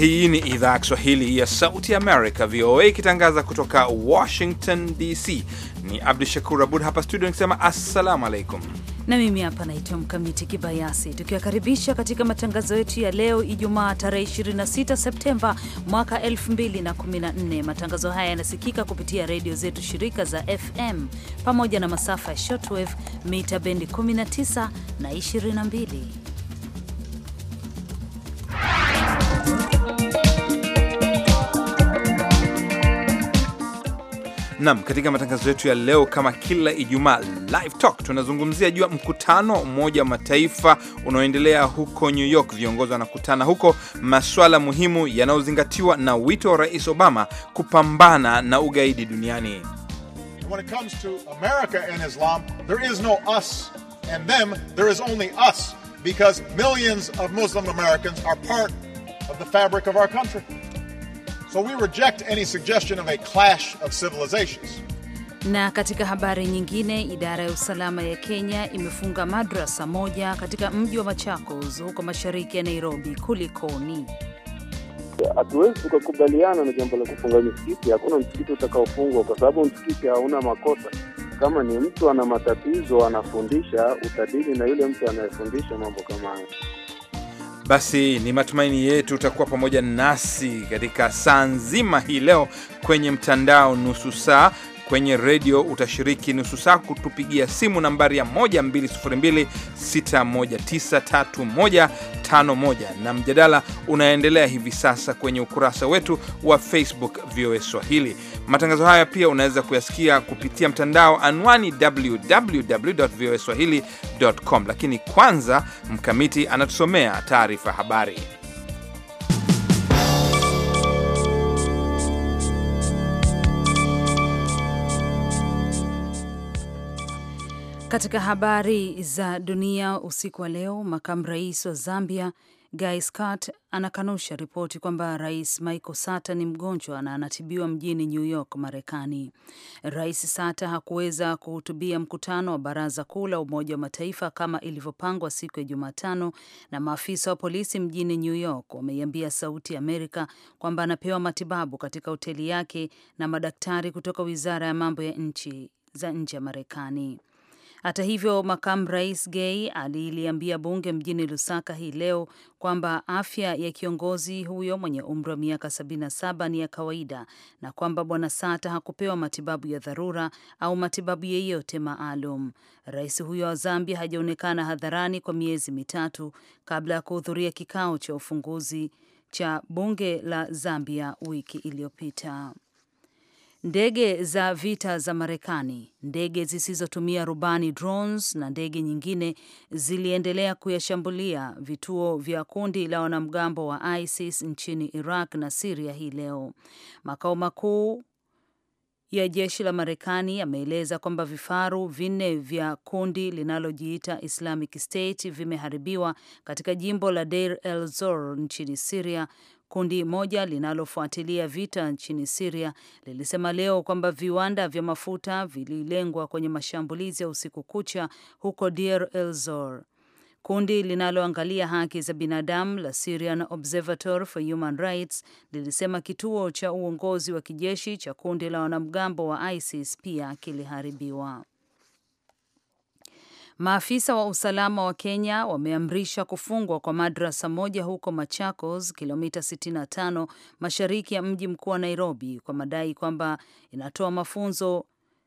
Hii ni idhaa ya Kiswahili ya Sauti Amerika, VOA, ikitangaza kutoka Washington DC. Ni Abdu Shakur Abud hapa studio nikisema assalamu alaikum, na mimi hapa naitwa Mkamiti Kibayasi, tukiwakaribisha katika matangazo yetu ya leo Ijumaa tarehe 26 Septemba mwaka 2014. Matangazo haya yanasikika kupitia redio zetu shirika za FM pamoja na masafa ya shortwave mita bendi 19 na 22. Nam, katika matangazo yetu ya leo, kama kila Ijumaa, live talk, tunazungumzia juu ya mkutano wa Umoja wa Mataifa unaoendelea huko New York. Viongozi wanakutana huko, masuala muhimu yanayozingatiwa na wito wa Rais Obama kupambana na ugaidi duniani. When it comes to America and Islam, there is no us and them, there is only us because millions of Muslim Americans are part of the fabric of our country. So we reject any suggestion of a clash of civilizations. Na katika habari nyingine, idara ya usalama ya Kenya imefunga madrasa moja katika mji wa Machakos huko mashariki ya Nairobi. Kulikoni? Hatuwezi tukakubaliana na jambo la kufunga misikiti. Hakuna msikiti utakaofungwa kwa sababu msikiti hauna makosa. Kama ni mtu ana matatizo anafundisha, utadili na yule mtu anayefundisha mambo kama hayo. Basi ni matumaini yetu utakuwa pamoja nasi katika saa nzima hii leo kwenye mtandao nusu saa Kwenye redio utashiriki nusu saa kutupigia simu nambari ya 12026193151 na mjadala unaendelea hivi sasa kwenye ukurasa wetu wa Facebook VOA Swahili. Matangazo haya pia unaweza kuyasikia kupitia mtandao anwani www.voaswahili.com, lakini kwanza Mkamiti anatusomea taarifa habari. Katika habari za dunia usiku wa leo, makamu rais wa Zambia Guy Scott anakanusha ripoti kwamba rais Michael Sata ni mgonjwa na anatibiwa mjini New York, Marekani. Rais Sata hakuweza kuhutubia mkutano wa baraza kuu la Umoja wa Mataifa kama ilivyopangwa siku ya Jumatano, na maafisa wa polisi mjini New York wameiambia Sauti Amerika kwamba anapewa matibabu katika hoteli yake na madaktari kutoka wizara ya mambo ya nchi za nje ya Marekani. Hata hivyo, makamu rais Gay aliliambia bunge mjini Lusaka hii leo kwamba afya ya kiongozi huyo mwenye umri wa miaka 77 ni ya kawaida na kwamba bwana Sata hakupewa matibabu ya dharura au matibabu yeyote maalum. Rais huyo wa Zambia hajaonekana hadharani kwa miezi mitatu kabla ya kuhudhuria kikao cha ufunguzi cha bunge la Zambia wiki iliyopita. Ndege za vita za Marekani, ndege zisizotumia rubani drones, na ndege nyingine ziliendelea kuyashambulia vituo vya kundi la wanamgambo wa ISIS nchini Iraq na Siria hii leo. Makao makuu ya jeshi la Marekani yameeleza kwamba vifaru vinne vya kundi linalojiita Islamic State vimeharibiwa katika jimbo la Deir el Zor nchini Siria, Kundi moja linalofuatilia vita nchini Siria lilisema leo kwamba viwanda vya mafuta vililengwa kwenye mashambulizi ya usiku kucha huko Deir elzor zor Kundi linaloangalia haki za binadamu la Syrian Observatory for Human Rights lilisema kituo cha uongozi wa kijeshi cha kundi la wanamgambo wa ISIS pia kiliharibiwa. Maafisa wa usalama wa Kenya wameamrisha kufungwa kwa madrasa moja huko Machakos, kilomita 65 mashariki ya mji mkuu wa Nairobi, kwa madai kwamba inatoa mafunzo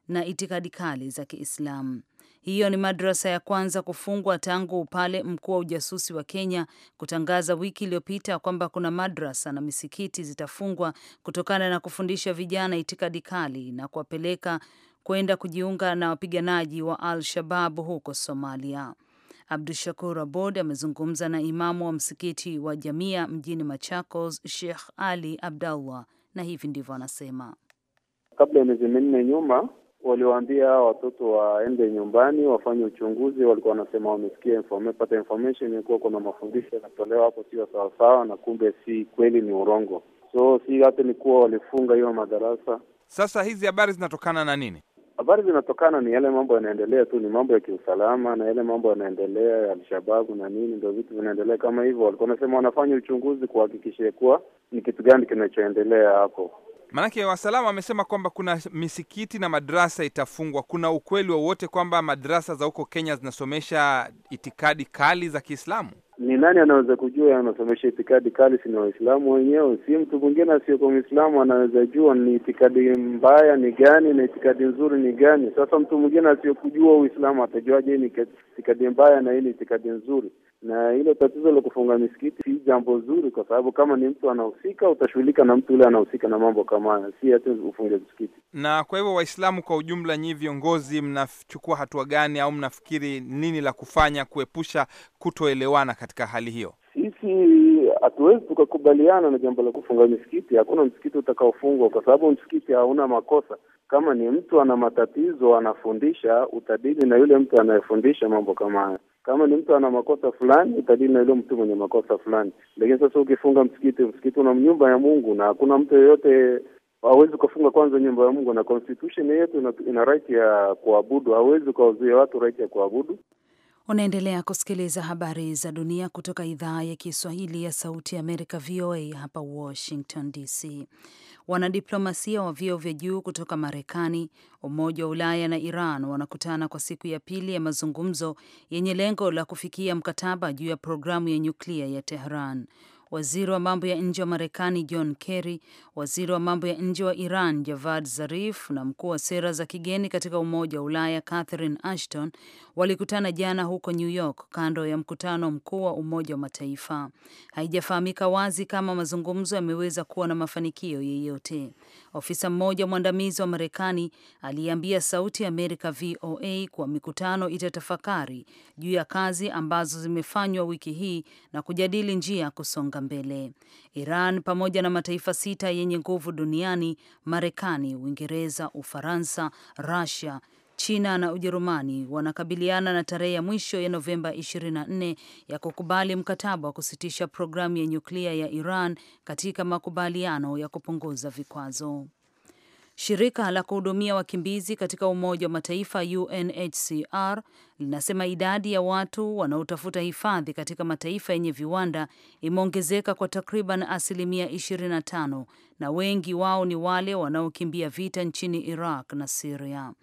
na itikadi kali za Kiislamu. Hiyo ni madrasa ya kwanza kufungwa tangu pale mkuu wa ujasusi wa Kenya kutangaza wiki iliyopita kwamba kuna madrasa na misikiti zitafungwa kutokana na kufundisha vijana itikadi kali na kuwapeleka kwenda kujiunga na wapiganaji wa Al Shabab huko Somalia. Abdu Shakur Abod amezungumza na imamu wa msikiti wa Jamia mjini Machakos, Sheikh Ali Abdallah, na hivi ndivyo anasema. Kabla ya miezi minne nyuma, waliwaambia watoto waende nyumbani wafanye uchunguzi. Walikuwa wanasema wamesikia informe, pata information kuna mafundisho yanatolewa hapo sio sawasawa, na kumbe si kweli, ni urongo. So si hata ni kuwa walifunga hiyo madarasa. Sasa hizi habari zinatokana na nini? Habari zinatokana ni yale mambo yanaendelea tu, ni mambo ya kiusalama na yale mambo yanaendelea ya Alshababu na nini, ndio vitu vinaendelea kama hivyo. Walikuwa wanasema wanafanya uchunguzi kuhakikisha kuwa ni kitu gani kinachoendelea hapo. Maanake wasalama wamesema kwamba kuna misikiti na madrasa itafungwa. Kuna ukweli wowote kwamba madrasa za huko Kenya zinasomesha itikadi kali za Kiislamu? ni nani anaweza kujua anasomesha itikadi kali? Si Waislamu wenyewe, si mtu mwingine asiyekuwa Mwislamu anaweza jua ni itikadi mbaya ni gani na itikadi nzuri ni gani. Sasa mtu mwingine asiyokujua Uislamu atajuaje ni itikadi mbaya na hii ni itikadi nzuri? Na hilo tatizo la kufunga misikiti si jambo zuri, kwa sababu kama ni mtu anahusika, utashughulika na mtu yule anahusika na mambo kama haya, si hati ufunge misikiti. Na kwa hivyo Waislamu kwa ujumla, nyii viongozi, mnachukua hatua gani au mnafikiri nini la kufanya kuepusha kutoelewana katika katika hali hiyo? Sisi hatuwezi tukakubaliana na jambo la kufunga misikiti. Hakuna msikiti utakaofungwa kwa sababu msikiti hauna makosa. Kama ni mtu ana matatizo anafundisha, utadili na yule mtu anayefundisha mambo kama haya. Kama ni mtu ana makosa fulani, utadili na yule mtu mwenye makosa fulani. Lakini sasa ukifunga msikiti, msikiti una nyumba ya Mungu na hakuna mtu yeyote hawezi ukafunga kwanza nyumba ya Mungu, na constitution yetu ina, ina right ya kuabudu. Hawezi ukawazuia watu right ya kuabudu. Unaendelea kusikiliza habari za dunia kutoka idhaa ya Kiswahili ya Sauti ya Amerika, VOA hapa Washington DC. Wanadiplomasia wa vyeo vya juu kutoka Marekani, Umoja wa Ulaya na Iran wanakutana kwa siku ya pili ya mazungumzo yenye lengo la kufikia mkataba juu ya programu ya nyuklia ya Tehran waziri wa mambo ya nje wa Marekani John Kerry, waziri wa mambo ya nje wa Iran Javad Zarif na mkuu wa sera za kigeni katika Umoja wa Ulaya Catherine Ashton walikutana jana huko New York kando ya mkutano mkuu wa Umoja wa Mataifa. Haijafahamika wazi kama mazungumzo yameweza kuwa na mafanikio yeyote. Ofisa mmoja mwandamizi wa Marekani aliambia Sauti ya Amerika VOA kuwa mikutano itatafakari juu ya kazi ambazo zimefanywa wiki hii na kujadili njia ya kusonga mbele. Iran pamoja na mataifa sita yenye nguvu duniani, Marekani, Uingereza, Ufaransa, rasia China na Ujerumani wanakabiliana na tarehe ya mwisho ya Novemba 24 ya kukubali mkataba wa kusitisha programu ya nyuklia ya Iran katika makubaliano ya kupunguza vikwazo. Shirika la kuhudumia wakimbizi katika Umoja wa Mataifa UNHCR linasema idadi ya watu wanaotafuta hifadhi katika mataifa yenye viwanda imeongezeka kwa takriban asilimia 25 na wengi wao ni wale wanaokimbia vita nchini Iraq na Siria.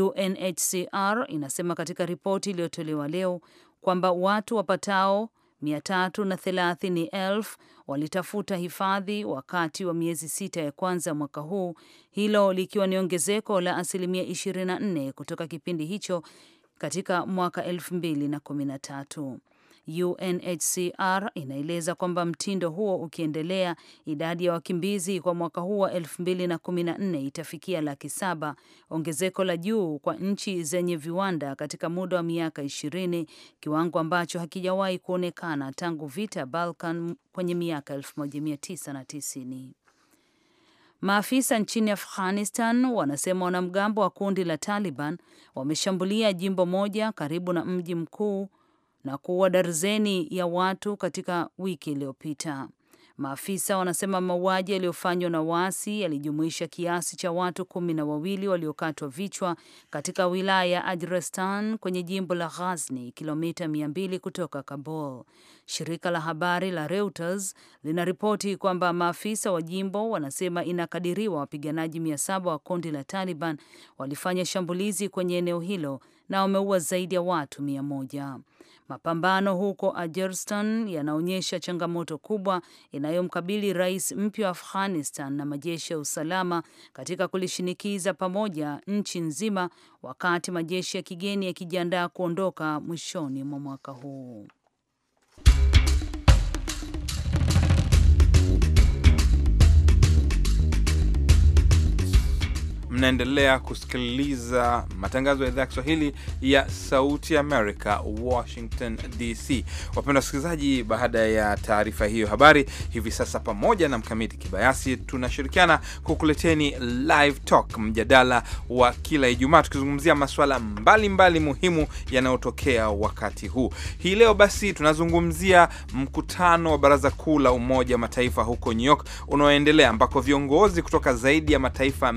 UNHCR inasema katika ripoti iliyotolewa leo kwamba watu wapatao 330,000 walitafuta hifadhi wakati wa miezi sita ya kwanza mwaka huu, hilo likiwa ni ongezeko la asilimia 24 kutoka kipindi hicho katika mwaka tatu UNHCR inaeleza kwamba mtindo huo ukiendelea, idadi ya wakimbizi kwa mwaka huu wa 2014 itafikia laki saba, ongezeko la juu kwa nchi zenye viwanda katika muda wa miaka ishirini kiwango ambacho hakijawahi kuonekana tangu vita Balkan kwenye miaka 1990. Maafisa nchini Afghanistan wanasema wanamgambo wa kundi la Taliban wameshambulia jimbo moja karibu na mji mkuu na kuua darzeni ya watu katika wiki iliyopita. Maafisa wanasema mauaji yaliyofanywa na waasi yalijumuisha kiasi cha watu kumi na wawili waliokatwa vichwa katika wilaya ya Ajrestan kwenye jimbo la Ghazni, kilomita mia mbili kutoka Kabul. Shirika la habari la Reuters linaripoti kwamba maafisa wa jimbo wanasema inakadiriwa wapiganaji saba wa kundi la Taliban walifanya shambulizi kwenye eneo hilo na wameua zaidi ya watu mia moja. Mapambano huko Ajerstan yanaonyesha changamoto kubwa inayomkabili rais mpya wa Afghanistan na majeshi ya usalama katika kulishinikiza pamoja nchi nzima, wakati majeshi ya kigeni yakijiandaa kuondoka mwishoni mwa mwaka huu. Mnaendelea kusikiliza matangazo ya idhaa ya Kiswahili ya Sauti Amerika, Washington DC. Wapenda wasikilizaji, baada ya taarifa hiyo habari, hivi sasa pamoja na Mkamiti Kibayasi tunashirikiana kukuleteni Live Talk, mjadala wa kila Ijumaa tukizungumzia masuala mbalimbali mbali muhimu yanayotokea wakati huu. Hii leo basi tunazungumzia mkutano wa Baraza Kuu la Umoja wa Mataifa huko New York unaoendelea ambako viongozi kutoka zaidi ya mataifa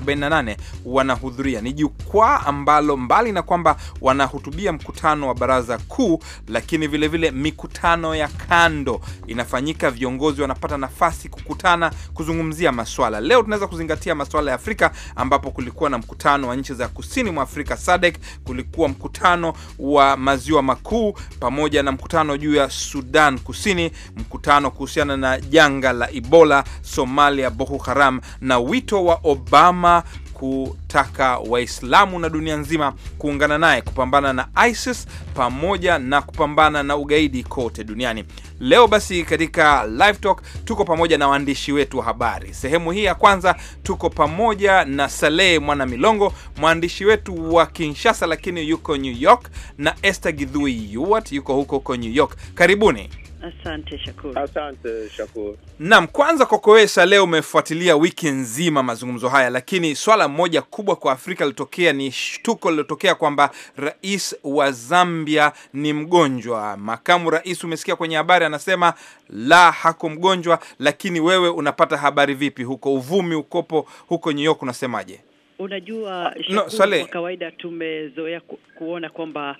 48 wanahudhuria. Ni jukwaa ambalo mbali na kwamba wanahutubia mkutano wa baraza kuu, lakini vilevile vile mikutano ya kando inafanyika, viongozi wanapata nafasi kukutana kuzungumzia maswala. Leo tunaweza kuzingatia maswala ya Afrika ambapo kulikuwa na mkutano wa nchi za kusini mwa Afrika SADC, kulikuwa mkutano wa maziwa makuu pamoja na mkutano juu ya Sudan Kusini, mkutano kuhusiana na janga la Ebola, Somalia, Boko Haram na wito wa Obama kama kutaka Waislamu na dunia nzima kuungana naye kupambana na ISIS pamoja na kupambana na ugaidi kote duniani. Leo basi katika Live Talk tuko pamoja na waandishi wetu wa habari. Sehemu hii ya kwanza tuko pamoja na Saleh Mwana Milongo, mwandishi wetu wa Kinshasa lakini yuko New York, na Esther Gidhui Yuwat yuko huko huko New York. Karibuni. Asante Shakur. Asante Shakur. Naam, kwanza Kokowesa, leo umefuatilia wiki nzima mazungumzo haya, lakini swala moja kubwa kwa Afrika lilotokea ni shtuko lilotokea kwamba rais wa Zambia ni mgonjwa. Makamu rais, umesikia kwenye habari, anasema la, hako mgonjwa. Lakini wewe unapata habari vipi huko? Uvumi ukopo huko New York, unasemaje? Unajua Shakur, no, kwa kawaida tumezoea ku, kuona kwamba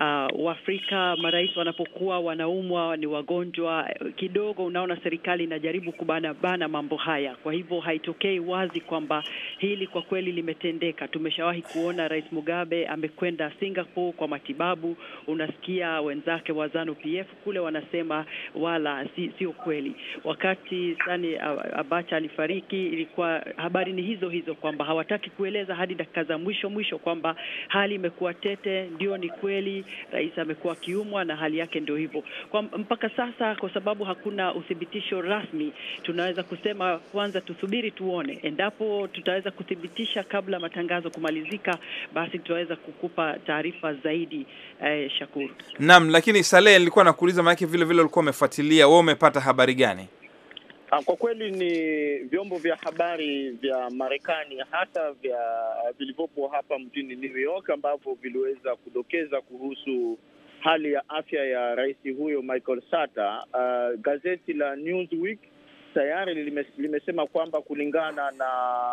uh, Waafrika marais wanapokuwa wanaumwa, ni wagonjwa kidogo, unaona serikali inajaribu kubanabana mambo haya. Kwa hivyo haitokei wazi kwamba hili kwa kweli limetendeka. Tumeshawahi kuona Rais Mugabe amekwenda Singapore kwa matibabu, unasikia wenzake wa Zanu PF kule wanasema wala si, sio kweli. Wakati Sani Abacha alifariki, ilikuwa habari ni hizo hizo kwamba hawataki kueleza hadi dakika za mwisho mwisho kwamba hali imekuwa tete, ndio ni kweli rais amekuwa akiumwa na hali yake ndio hivyo kwa mpaka sasa, kwa sababu hakuna uthibitisho rasmi, tunaweza kusema kwanza tusubiri tuone, endapo tutaweza kuthibitisha kabla matangazo kumalizika, basi tutaweza kukupa taarifa zaidi. Eh, Shakuru. Naam, lakini Saleh, nilikuwa nakuuliza maana vile vile ulikuwa umefuatilia wewe, umepata habari gani? Ah, kwa kweli ni vyombo vya habari vya Marekani hasa vya eh, vilivyopo hapa mjini New York ambavyo viliweza kudokeza kuhusu hali ya afya ya rais huyo Michael Sata. Uh, gazeti la Newsweek tayari limesema kwamba kulingana na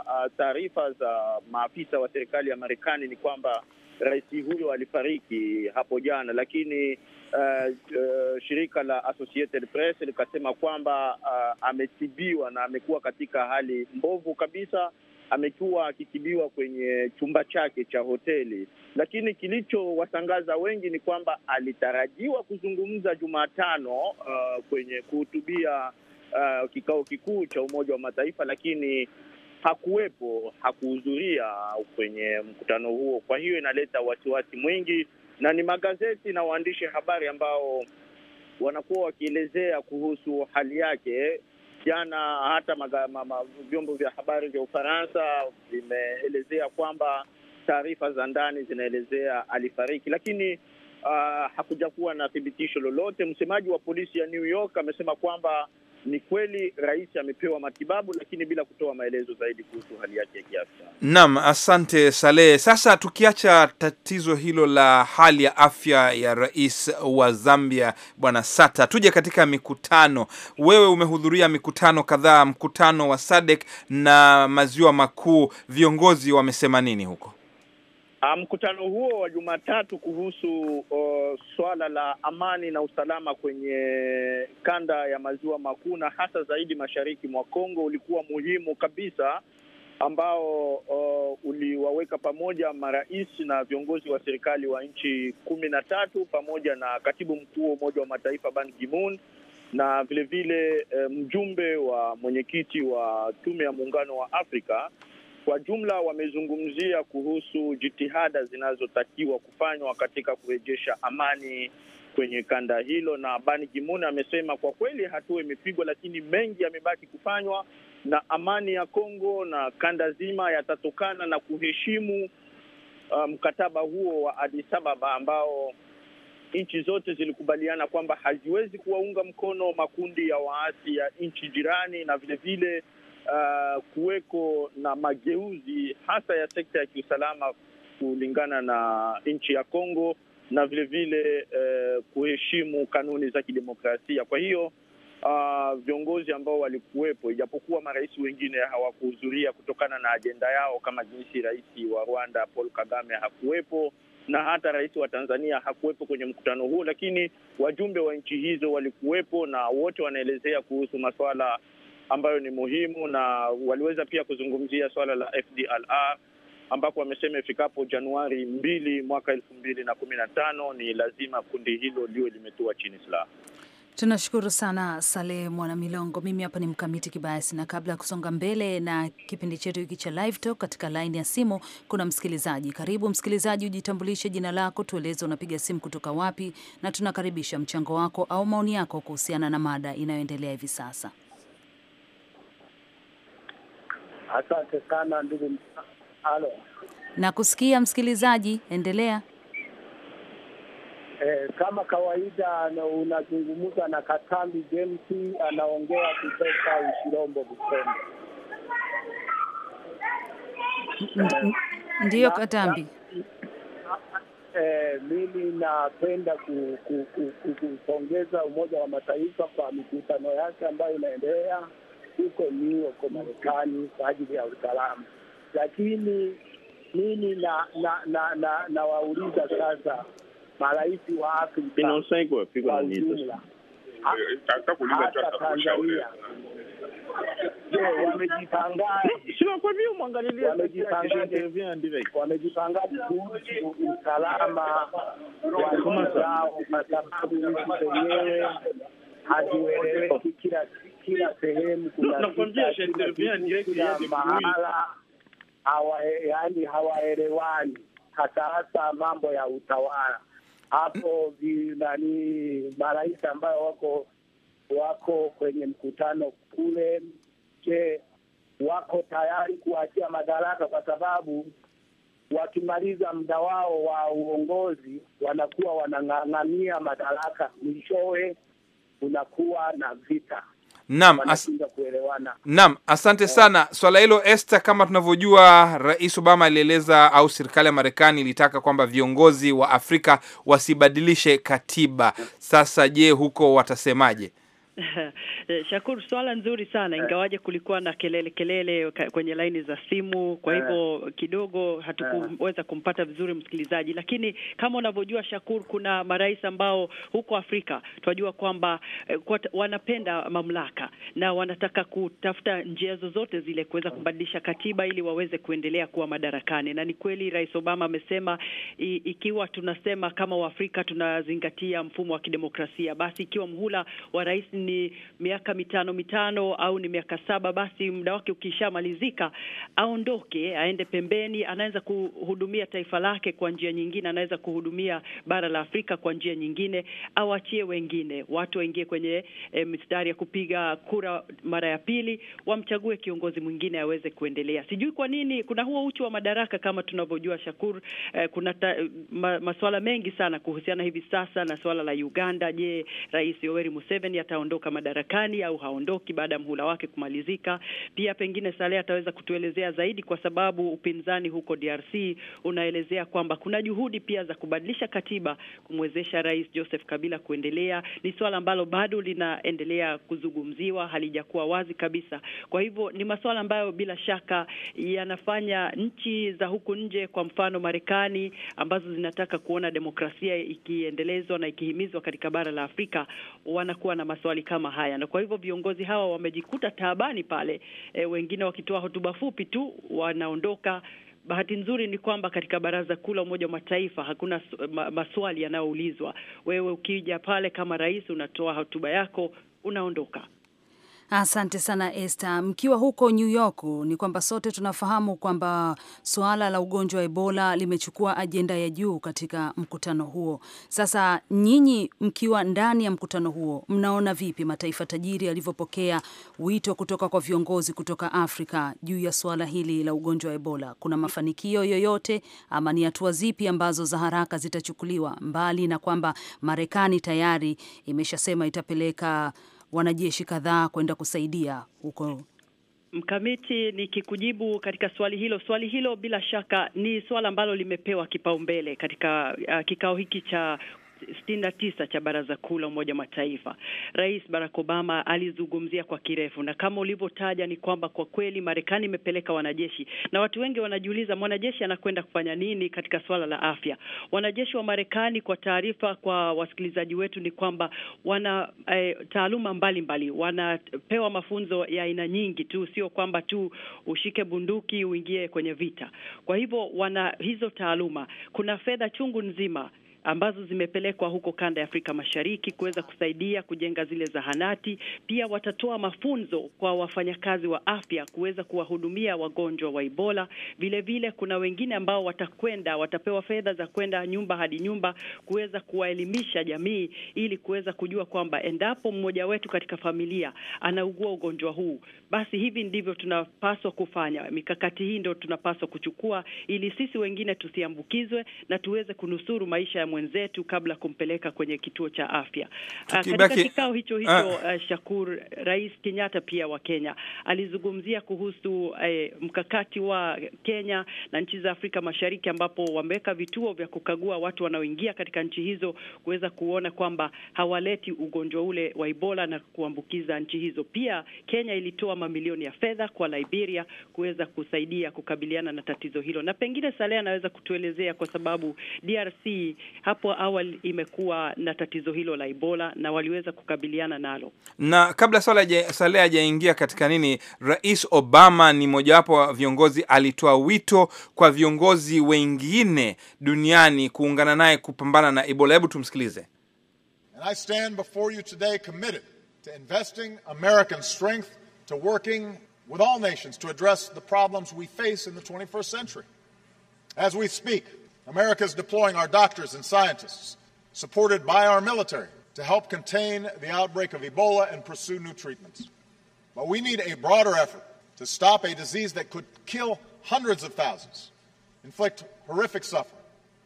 uh, taarifa za maafisa wa serikali ya Marekani ni kwamba rais huyo alifariki hapo jana, lakini uh, uh, shirika la Associated Press likasema kwamba uh, ametibiwa na amekuwa katika hali mbovu kabisa. Amekuwa akitibiwa kwenye chumba chake cha hoteli, lakini kilichowashangaza wengi ni kwamba alitarajiwa kuzungumza Jumatano uh, kwenye kuhutubia uh, kikao kikuu cha Umoja wa Mataifa, lakini hakuwepo, hakuhudhuria kwenye mkutano huo. Kwa hiyo inaleta wasiwasi mwingi, na ni magazeti na waandishi habari ambao wanakuwa wakielezea kuhusu hali yake. Jana hata maga, mama, vyombo vya habari vya Ufaransa vimeelezea kwamba taarifa za ndani zinaelezea alifariki, lakini uh, hakuja kuwa na thibitisho lolote. Msemaji wa polisi ya New York amesema kwamba ni kweli rais amepewa matibabu, lakini bila kutoa maelezo zaidi kuhusu hali yake ya kiafya. Naam, asante Saleh. Sasa tukiacha tatizo hilo la hali ya afya ya rais wa Zambia bwana Sata, tuje katika mikutano. Wewe umehudhuria mikutano kadhaa, mkutano wa SADC na maziwa makuu, viongozi wamesema nini huko? Ah, mkutano huo wa Jumatatu kuhusu uh, swala la amani na usalama kwenye kanda ya maziwa makuu na hasa zaidi mashariki mwa Kongo ulikuwa muhimu kabisa, ambao uh, uliwaweka pamoja marais na viongozi wa serikali wa nchi kumi na tatu pamoja na katibu mkuu wa Umoja wa Mataifa Ban Ki-moon na vilevile vile, eh, mjumbe wa mwenyekiti wa Tume ya Muungano wa Afrika kwa jumla wamezungumzia kuhusu jitihada zinazotakiwa kufanywa katika kurejesha amani kwenye kanda hilo, na Ban Ki-moon amesema kwa kweli hatua imepigwa, lakini mengi yamebaki kufanywa, na amani ya Kongo na kanda zima yatatokana na kuheshimu uh, mkataba um, huo wa Addis Ababa ambao nchi zote zilikubaliana kwamba haziwezi kuwaunga mkono makundi ya waasi ya nchi jirani na vilevile vile uh, kuweko na mageuzi hasa ya sekta ya kiusalama kulingana na nchi ya Kongo na vilevile vile, uh, kuheshimu kanuni za kidemokrasia. Kwa hiyo uh, viongozi ambao walikuwepo, ijapokuwa marais wengine hawakuhudhuria kutokana na ajenda yao, kama jinsi rais wa Rwanda Paul Kagame hakuwepo na hata rais wa Tanzania hakuwepo kwenye mkutano huo lakini wajumbe wa nchi hizo walikuwepo na wote wanaelezea kuhusu masuala ambayo ni muhimu, na waliweza pia kuzungumzia swala la FDLR ambapo wamesema ifikapo Januari mbili mwaka elfu mbili na kumi na tano ni lazima kundi hilo liwe limetua chini silaha. Tunashukuru sana Saleh Mwanamilongo. Mimi hapa ni Mkamiti Kibayasi, na kabla ya kusonga mbele na kipindi chetu hiki cha Live Talk, katika laini ya simu kuna msikilizaji. Karibu msikilizaji, ujitambulishe jina lako, tueleze unapiga simu kutoka wapi, na tunakaribisha mchango wako au maoni yako kuhusiana na mada inayoendelea hivi sasa. Asante sana ndugu. Halo, nakusikia msikilizaji, endelea. Eh, kama kawaida unazungumza na Katambi James, anaongea kutoka Ushirombo Bukombe. ndiyo Katambi. Eh, mimi napenda kupongeza ku, ku, ku, Umoja wa Mataifa kwa mikutano yake ambayo inaendelea huko New York Marekani kwa ajili ya usalama, lakini mimi na na na, na, na wauliza sasa marais wa Afrika kwa ujumla eh, eh, Tanzania, wamejipangaje kuhusu usalama wa zao? Kwa sababu nchi zenyewe hazieleweki kila siku kila sehemu kuna mahala yani hawaelewani, hasa hasa mambo ya utawala hapo nani, marais ambayo wako wako kwenye mkutano kule, je, wako tayari kuachia madaraka? Kwa sababu wakimaliza muda wao wa uongozi wanakuwa wanang'ang'ania madaraka, mwishowe unakuwa na vita. Naam, as naam, asante eh. sana. Swala hilo Esther, kama tunavyojua, Rais Obama alieleza au serikali ya Marekani ilitaka kwamba viongozi wa Afrika wasibadilishe katiba. Sasa je, huko watasemaje? Eh, Shakur, swala nzuri sana eh. ingawaje kulikuwa na kelele kelele kwenye laini za simu, kwa eh. hivyo kidogo hatukuweza kumpata vizuri msikilizaji, lakini kama unavyojua Shakur, kuna marais ambao huko Afrika tunajua kwamba kwa wanapenda mamlaka na wanataka kutafuta njia zozote zile kuweza kubadilisha katiba ili waweze kuendelea kuwa madarakani, na ni kweli Rais Obama amesema ikiwa tunasema kama Waafrika tunazingatia mfumo wa kidemokrasia, basi ikiwa mhula wa rais ni miaka mitano mitano au ni miaka saba, basi muda wake ukishamalizika aondoke, aende pembeni. Anaweza kuhudumia taifa lake kwa njia nyingine, anaweza kuhudumia bara la Afrika kwa njia nyingine, awachie wengine, watu waingie kwenye e, mistari ya kupiga kura mara ya pili, wamchague kiongozi mwingine aweze kuendelea. Sijui kwa nini kuna huo uchu wa madaraka kama tunavyojua Shakur, e, kuna ta, ma, masuala mengi sana kuhusiana hivi sasa na suala la Uganda. Je, Rais Yoweri Museveni ataondoka ataondoka madarakani au haondoki baada ya mhula wake kumalizika. Pia pengine Saleh ataweza kutuelezea zaidi, kwa sababu upinzani huko DRC unaelezea kwamba kuna juhudi pia za kubadilisha katiba kumwezesha Rais Joseph Kabila kuendelea. Ni swala ambalo bado linaendelea kuzungumziwa, halijakuwa wazi kabisa. Kwa hivyo ni masuala ambayo bila shaka yanafanya nchi za huku nje, kwa mfano Marekani, ambazo zinataka kuona demokrasia ikiendelezwa na ikihimizwa katika bara la Afrika, wanakuwa na maswali kama haya, na kwa hivyo viongozi hawa wamejikuta taabani pale, e, wengine wakitoa hotuba fupi tu wanaondoka. Bahati nzuri ni kwamba katika Baraza Kuu la Umoja wa Mataifa hakuna maswali yanayoulizwa. Wewe ukija pale kama rais, unatoa hotuba yako, unaondoka. Asante sana Esther. Mkiwa huko New York, ni kwamba sote tunafahamu kwamba suala la ugonjwa wa Ebola limechukua ajenda ya juu katika mkutano huo. Sasa nyinyi mkiwa ndani ya mkutano huo, mnaona vipi mataifa tajiri yalivyopokea wito kutoka kwa viongozi kutoka Afrika juu ya suala hili la ugonjwa wa Ebola? Kuna mafanikio yoyote ama ni hatua zipi ambazo za haraka zitachukuliwa, mbali na kwamba Marekani tayari imeshasema itapeleka wanajeshi kadhaa kwenda kusaidia huko. Mkamiti, nikikujibu katika swali hilo, swali hilo bila shaka ni swala ambalo limepewa kipaumbele katika uh, kikao hiki cha sitini na tisa cha Baraza Kuu la Umoja Mataifa, Rais Barack Obama alizungumzia kwa kirefu, na kama ulivyotaja ni kwamba kwa kweli Marekani imepeleka wanajeshi, na watu wengi wanajiuliza mwanajeshi anakwenda kufanya nini katika swala la afya. Wanajeshi wa Marekani, kwa taarifa kwa wasikilizaji wetu, ni kwamba wana e, taaluma mbalimbali, wanapewa mafunzo ya aina nyingi tu, sio kwamba tu ushike bunduki uingie kwenye vita. Kwa hivyo wana hizo taaluma, kuna fedha chungu nzima ambazo zimepelekwa huko kanda ya Afrika Mashariki kuweza kusaidia kujenga zile zahanati. Pia watatoa mafunzo kwa wafanyakazi wa afya kuweza kuwahudumia wagonjwa wa Ebola. Vile vile kuna wengine ambao watakwenda, watapewa fedha za kwenda nyumba hadi nyumba kuweza kuwaelimisha jamii ili kuweza kujua kwamba endapo mmoja wetu katika familia anaugua ugonjwa huu, basi hivi ndivyo tunapaswa kufanya. Mikakati hii ndio tunapaswa kuchukua, ili sisi wengine tusiambukizwe na tuweze kunusuru maisha ya mwenzetu kabla kumpeleka kwenye kituo cha afya. Ah, katika kikao hicho hicho, uh, Shakur, Rais Kenyatta pia wa Kenya alizungumzia kuhusu uh, mkakati wa Kenya na nchi za Afrika Mashariki ambapo wameweka vituo vya kukagua watu wanaoingia katika nchi hizo kuweza kuona kwamba hawaleti ugonjwa ule wa Ebola na kuambukiza nchi hizo. Pia Kenya ilitoa mamilioni ya fedha kwa Liberia kuweza kusaidia kukabiliana na tatizo hilo, na pengine Saleh anaweza kutuelezea, kwa sababu DRC hapo awali imekuwa na tatizo hilo la Ebola na waliweza kukabiliana nalo. Na kabla Saleh hajaingia katika nini, Rais Obama ni mojawapo wa viongozi, alitoa wito kwa viongozi wengine duniani kuungana naye kupambana na Ebola. Hebu tumsikilize. And I stand before you today committed to investing American strength to working with all nations to address the problems we face in the 21st century. As we speak, America is deploying our doctors and scientists, supported by our military, to help contain the outbreak of Ebola and pursue new treatments. But we need a broader effort to stop a disease that could kill hundreds of thousands, inflict horrific suffering,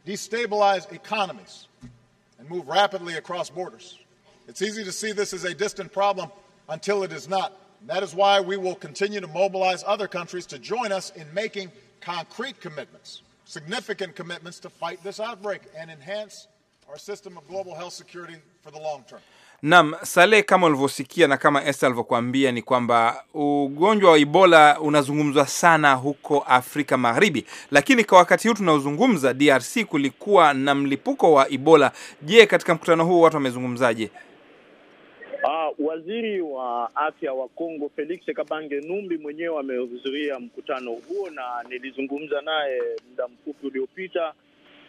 destabilize economies, and move rapidly across borders. It's easy to see this as a distant problem until it is not. And that is why we will continue to mobilize other countries to join us in making concrete commitments, significant commitments to fight this outbreak and enhance our system of global health security for the long term. Naam, Saleh, kama ulivyosikia na kama Esther alivyokuambia ni kwamba ugonjwa wa Ebola unazungumzwa sana huko Afrika Magharibi, lakini kwa wakati huu tunaozungumza, DRC kulikuwa na mlipuko wa Ebola. Je, katika mkutano huu watu wamezungumzaje? Uh, waziri wa afya wa Kongo Felix Kabange Numbi mwenyewe amehudhuria mkutano huo na nilizungumza naye muda mfupi uliopita,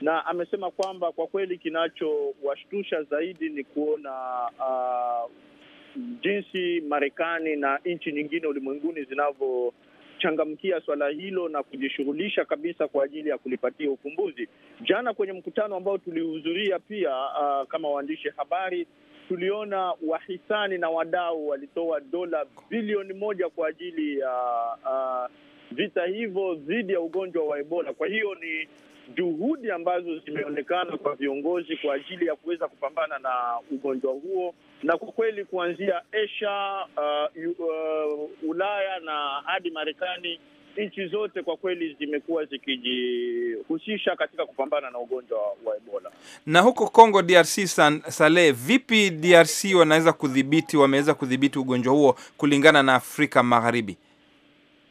na amesema kwamba kwa kweli kinachowashtusha zaidi ni kuona uh, jinsi Marekani na nchi nyingine ulimwenguni zinavyochangamkia swala hilo na kujishughulisha kabisa kwa ajili ya kulipatia ufumbuzi. Jana kwenye mkutano ambao tulihudhuria pia, uh, kama waandishi habari tuliona wahisani na wadau walitoa dola bilioni moja kwa ajili ya uh, uh, vita hivyo dhidi ya ugonjwa wa Ebola. Kwa hiyo ni juhudi ambazo zimeonekana kwa viongozi kwa ajili ya kuweza kupambana na ugonjwa huo, na kwa kweli kuanzia Asia, uh, uh, Ulaya na hadi Marekani nchi zote kwa kweli zimekuwa zikijihusisha katika kupambana na ugonjwa wa Ebola. Na huko Congo DRC, san, Sale, vipi DRC wanaweza kudhibiti, wameweza kudhibiti ugonjwa huo kulingana na Afrika Magharibi?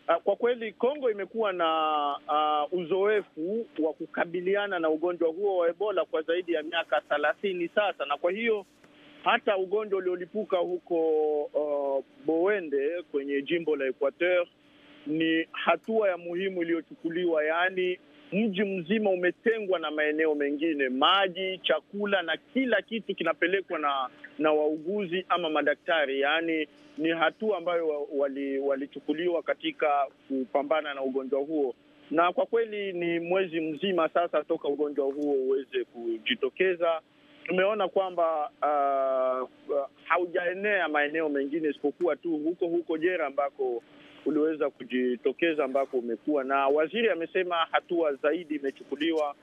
Ah, kwa kweli Kongo imekuwa na uh, uzoefu wa kukabiliana na ugonjwa huo wa Ebola kwa zaidi ya miaka thelathini sasa, na kwa hiyo hata ugonjwa uliolipuka huko uh, Bowende kwenye jimbo la Equateur ni hatua ya muhimu iliyochukuliwa, yaani mji mzima umetengwa na maeneo mengine, maji, chakula na kila kitu kinapelekwa na na wauguzi ama madaktari. Yaani ni hatua ambayo walichukuliwa wali katika kupambana na ugonjwa huo, na kwa kweli ni mwezi mzima sasa toka ugonjwa huo uweze kujitokeza. Tumeona kwamba uh, uh haujaenea maeneo mengine isipokuwa tu huko huko Jera ambako uliweza kujitokeza ambako umekuwa na waziri amesema hatua zaidi imechukuliwa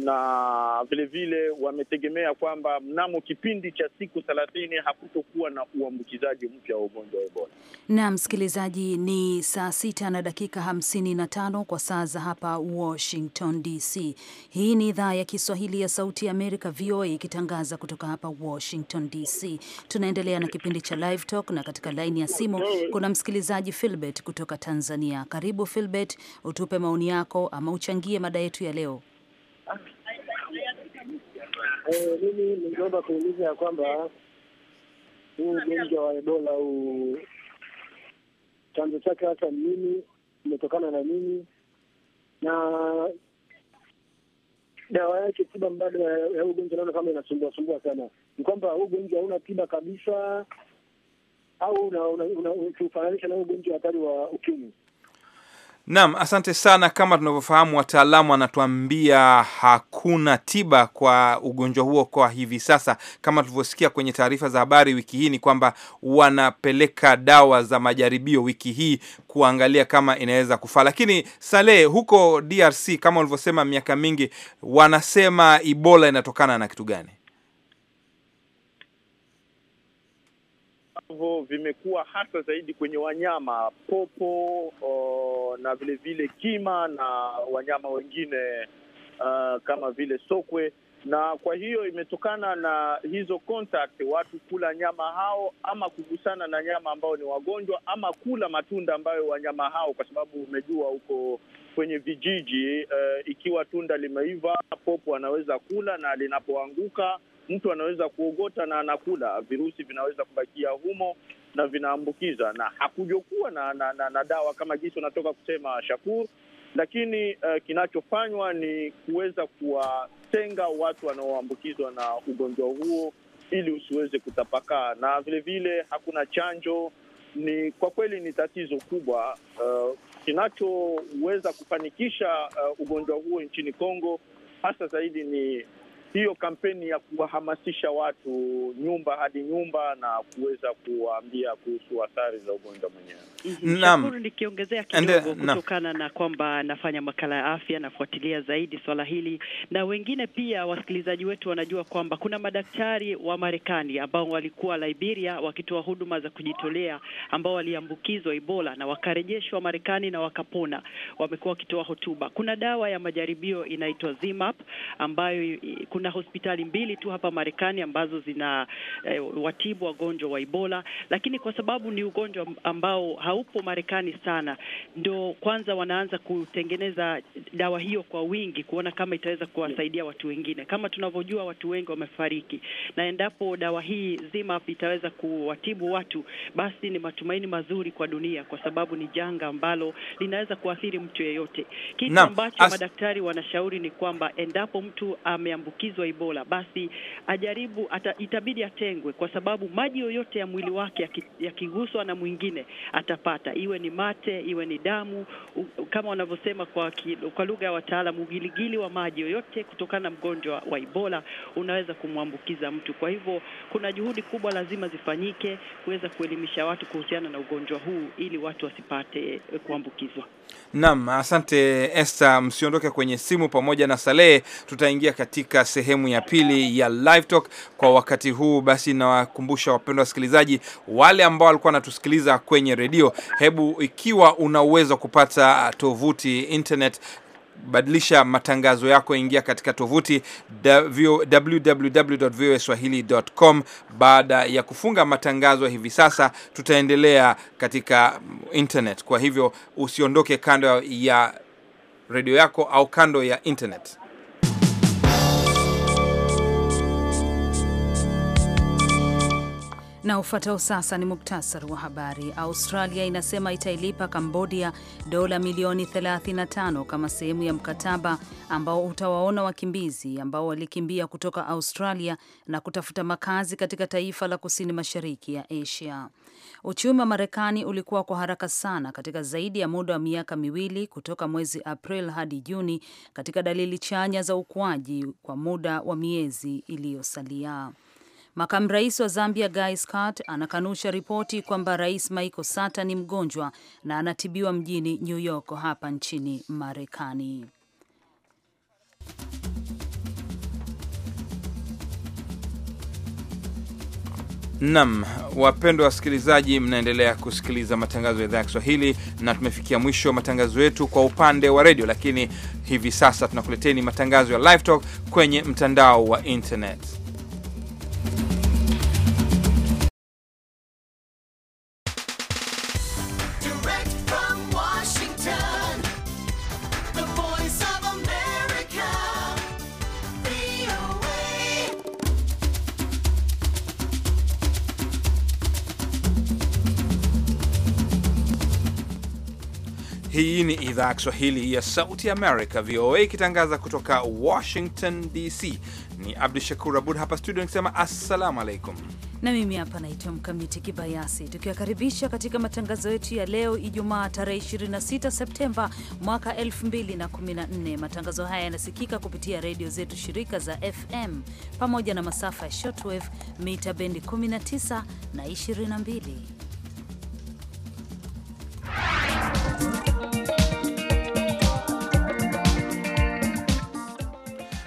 na vilevile wametegemea kwamba mnamo kipindi cha siku thelathini hakutokuwa na uambukizaji mpya wa ugonjwa wa Ebola. Na msikilizaji, ni saa sita na dakika hamsini na tano kwa saa za hapa Washington DC. Hii ni idhaa ya Kiswahili ya Sauti ya Amerika, VOA, ikitangaza kutoka hapa Washington DC. Tunaendelea na kipindi cha Live Talk na katika laini ya simu kuna msikilizaji Filbert kutoka Tanzania. Karibu Filbert, utupe maoni yako ama uchangie mada yetu ya leo. Mimi ningeomba kuuliza ya kwamba huu ugonjwa wa Ebola huu chanzo chake hasa ni nini, imetokana na nini, na dawa yake, tiba mbadala ya ugonjwa? Naona kama inasumbua sumbua sana. Ni kwamba huu ugonjwa hauna tiba kabisa, au ukiufananisha na ugonjwa hatari wa ukimwi? Naam, asante sana. Kama tunavyofahamu, wataalamu wanatuambia hakuna tiba kwa ugonjwa huo kwa hivi sasa. Kama tulivyosikia kwenye taarifa za habari wiki hii, ni kwamba wanapeleka dawa za majaribio wiki hii kuangalia kama inaweza kufaa. Lakini salehe huko DRC, kama ulivyosema, miaka mingi, wanasema Ebola inatokana na kitu gani? ambavyo vimekuwa hasa zaidi kwenye wanyama popo o, na vilevile kima na wanyama wengine uh, kama vile sokwe, na kwa hiyo imetokana na hizo contact, watu kula nyama hao ama kugusana na nyama ambao ni wagonjwa ama kula matunda ambayo wanyama hao, kwa sababu umejua huko kwenye vijiji uh, ikiwa tunda limeiva popo anaweza kula na linapoanguka mtu anaweza kuogota na anakula, virusi vinaweza kubakia humo na vinaambukiza, na hakujokuwa na, na, na, na dawa kama jinsi unatoka kusema Shakur, lakini uh, kinachofanywa ni kuweza kuwatenga watu wanaoambukizwa na ugonjwa huo ili usiweze kutapakaa, na vilevile hakuna chanjo. Ni kwa kweli ni tatizo kubwa uh, kinachoweza kufanikisha uh, ugonjwa huo nchini Kongo hasa zaidi ni hiyo kampeni ya kuwahamasisha watu nyumba hadi nyumba na kuweza kuwaambia kuhusu athari za ugonjwa mwenyewe. Mhm. Naam, nikiongezea kidogo kutokana na kwamba nafanya makala ya afya, nafuatilia zaidi swala hili, na wengine pia wasikilizaji wetu wanajua kwamba kuna madaktari wa Marekani ambao walikuwa Liberia wakitoa huduma za kujitolea ambao waliambukizwa Ebola na wakarejeshwa Marekani na wakapona. Wamekuwa wakitoa hotuba. Kuna dawa ya majaribio inaitwa Zimap ambayo kuna hospitali mbili tu hapa Marekani ambazo zina eh, watibu wagonjwa wa Ebola, lakini kwa sababu ni ugonjwa ambao haupo Marekani sana, ndo kwanza wanaanza kutengeneza dawa hiyo kwa wingi, kuona kama itaweza kuwasaidia watu wengine. Kama tunavyojua, watu wengi wamefariki, na endapo dawa hii zima itaweza kuwatibu watu, basi ni matumaini mazuri kwa dunia, kwa sababu ni janga ambalo linaweza kuathiri mtu yeyote. Kitu ambacho madaktari wanashauri ni kwamba endapo mtu ameambukiza ameambukizwa Ebola, basi ajaribu ata, itabidi atengwe, kwa sababu maji yoyote ya mwili wake yakiguswa na mwingine atapata, iwe ni mate, iwe ni damu, kama wanavyosema kwa, kwa lugha ya wataalamu, ugiligili wa maji yoyote kutokana na mgonjwa wa Ebola unaweza kumwambukiza mtu. Kwa hivyo kuna juhudi kubwa lazima zifanyike kuweza kuelimisha watu kuhusiana na ugonjwa huu ili watu wasipate eh, kuambukizwa. Naam, asante Esta, msiondoke kwenye simu pamoja na Salehe. Tutaingia katika sehemu ya pili ya Live Talk. Kwa wakati huu basi, nawakumbusha wapendwa wasikilizaji, wale ambao walikuwa wanatusikiliza kwenye redio, hebu ikiwa una uwezo kupata tovuti internet badilisha matangazo yako, ingia katika tovuti www.voaswahili.com. Baada ya kufunga matangazo hivi sasa, tutaendelea katika internet. Kwa hivyo usiondoke kando ya redio yako au kando ya internet. Na ufuatao sasa ni muktasari wa habari. Australia inasema itailipa Kambodia dola milioni 35 kama sehemu ya mkataba ambao utawaona wakimbizi ambao walikimbia kutoka Australia na kutafuta makazi katika taifa la kusini mashariki ya Asia. Uchumi wa Marekani ulikuwa kwa haraka sana katika zaidi ya muda wa miaka miwili kutoka mwezi April hadi Juni katika dalili chanya za ukuaji kwa muda wa miezi iliyosalia. Makamu rais wa Zambia Guy Scott anakanusha ripoti kwamba rais Michael Sata ni mgonjwa na anatibiwa mjini New York hapa nchini Marekani. Nam, wapendwa wasikilizaji, mnaendelea kusikiliza matangazo ya idhaa ya Kiswahili na tumefikia mwisho wa matangazo yetu kwa upande wa redio, lakini hivi sasa tunakuleteni matangazo ya Live Talk kwenye mtandao wa internet. ni idhaa ya Kiswahili ya Sauti ya Amerika, VOA, ikitangaza kutoka Washington DC. Ni Abdu Shakur Abud hapa studio nikisema assalamu alaikum, na mimi hapa naitwa Mkamiti Kibayasi, tukiwakaribisha katika matangazo yetu ya leo Ijumaa tarehe 26 Septemba mwaka 2014. Matangazo haya yanasikika kupitia redio zetu shirika za FM pamoja na masafa ya shortwave mita bendi 19 na 22.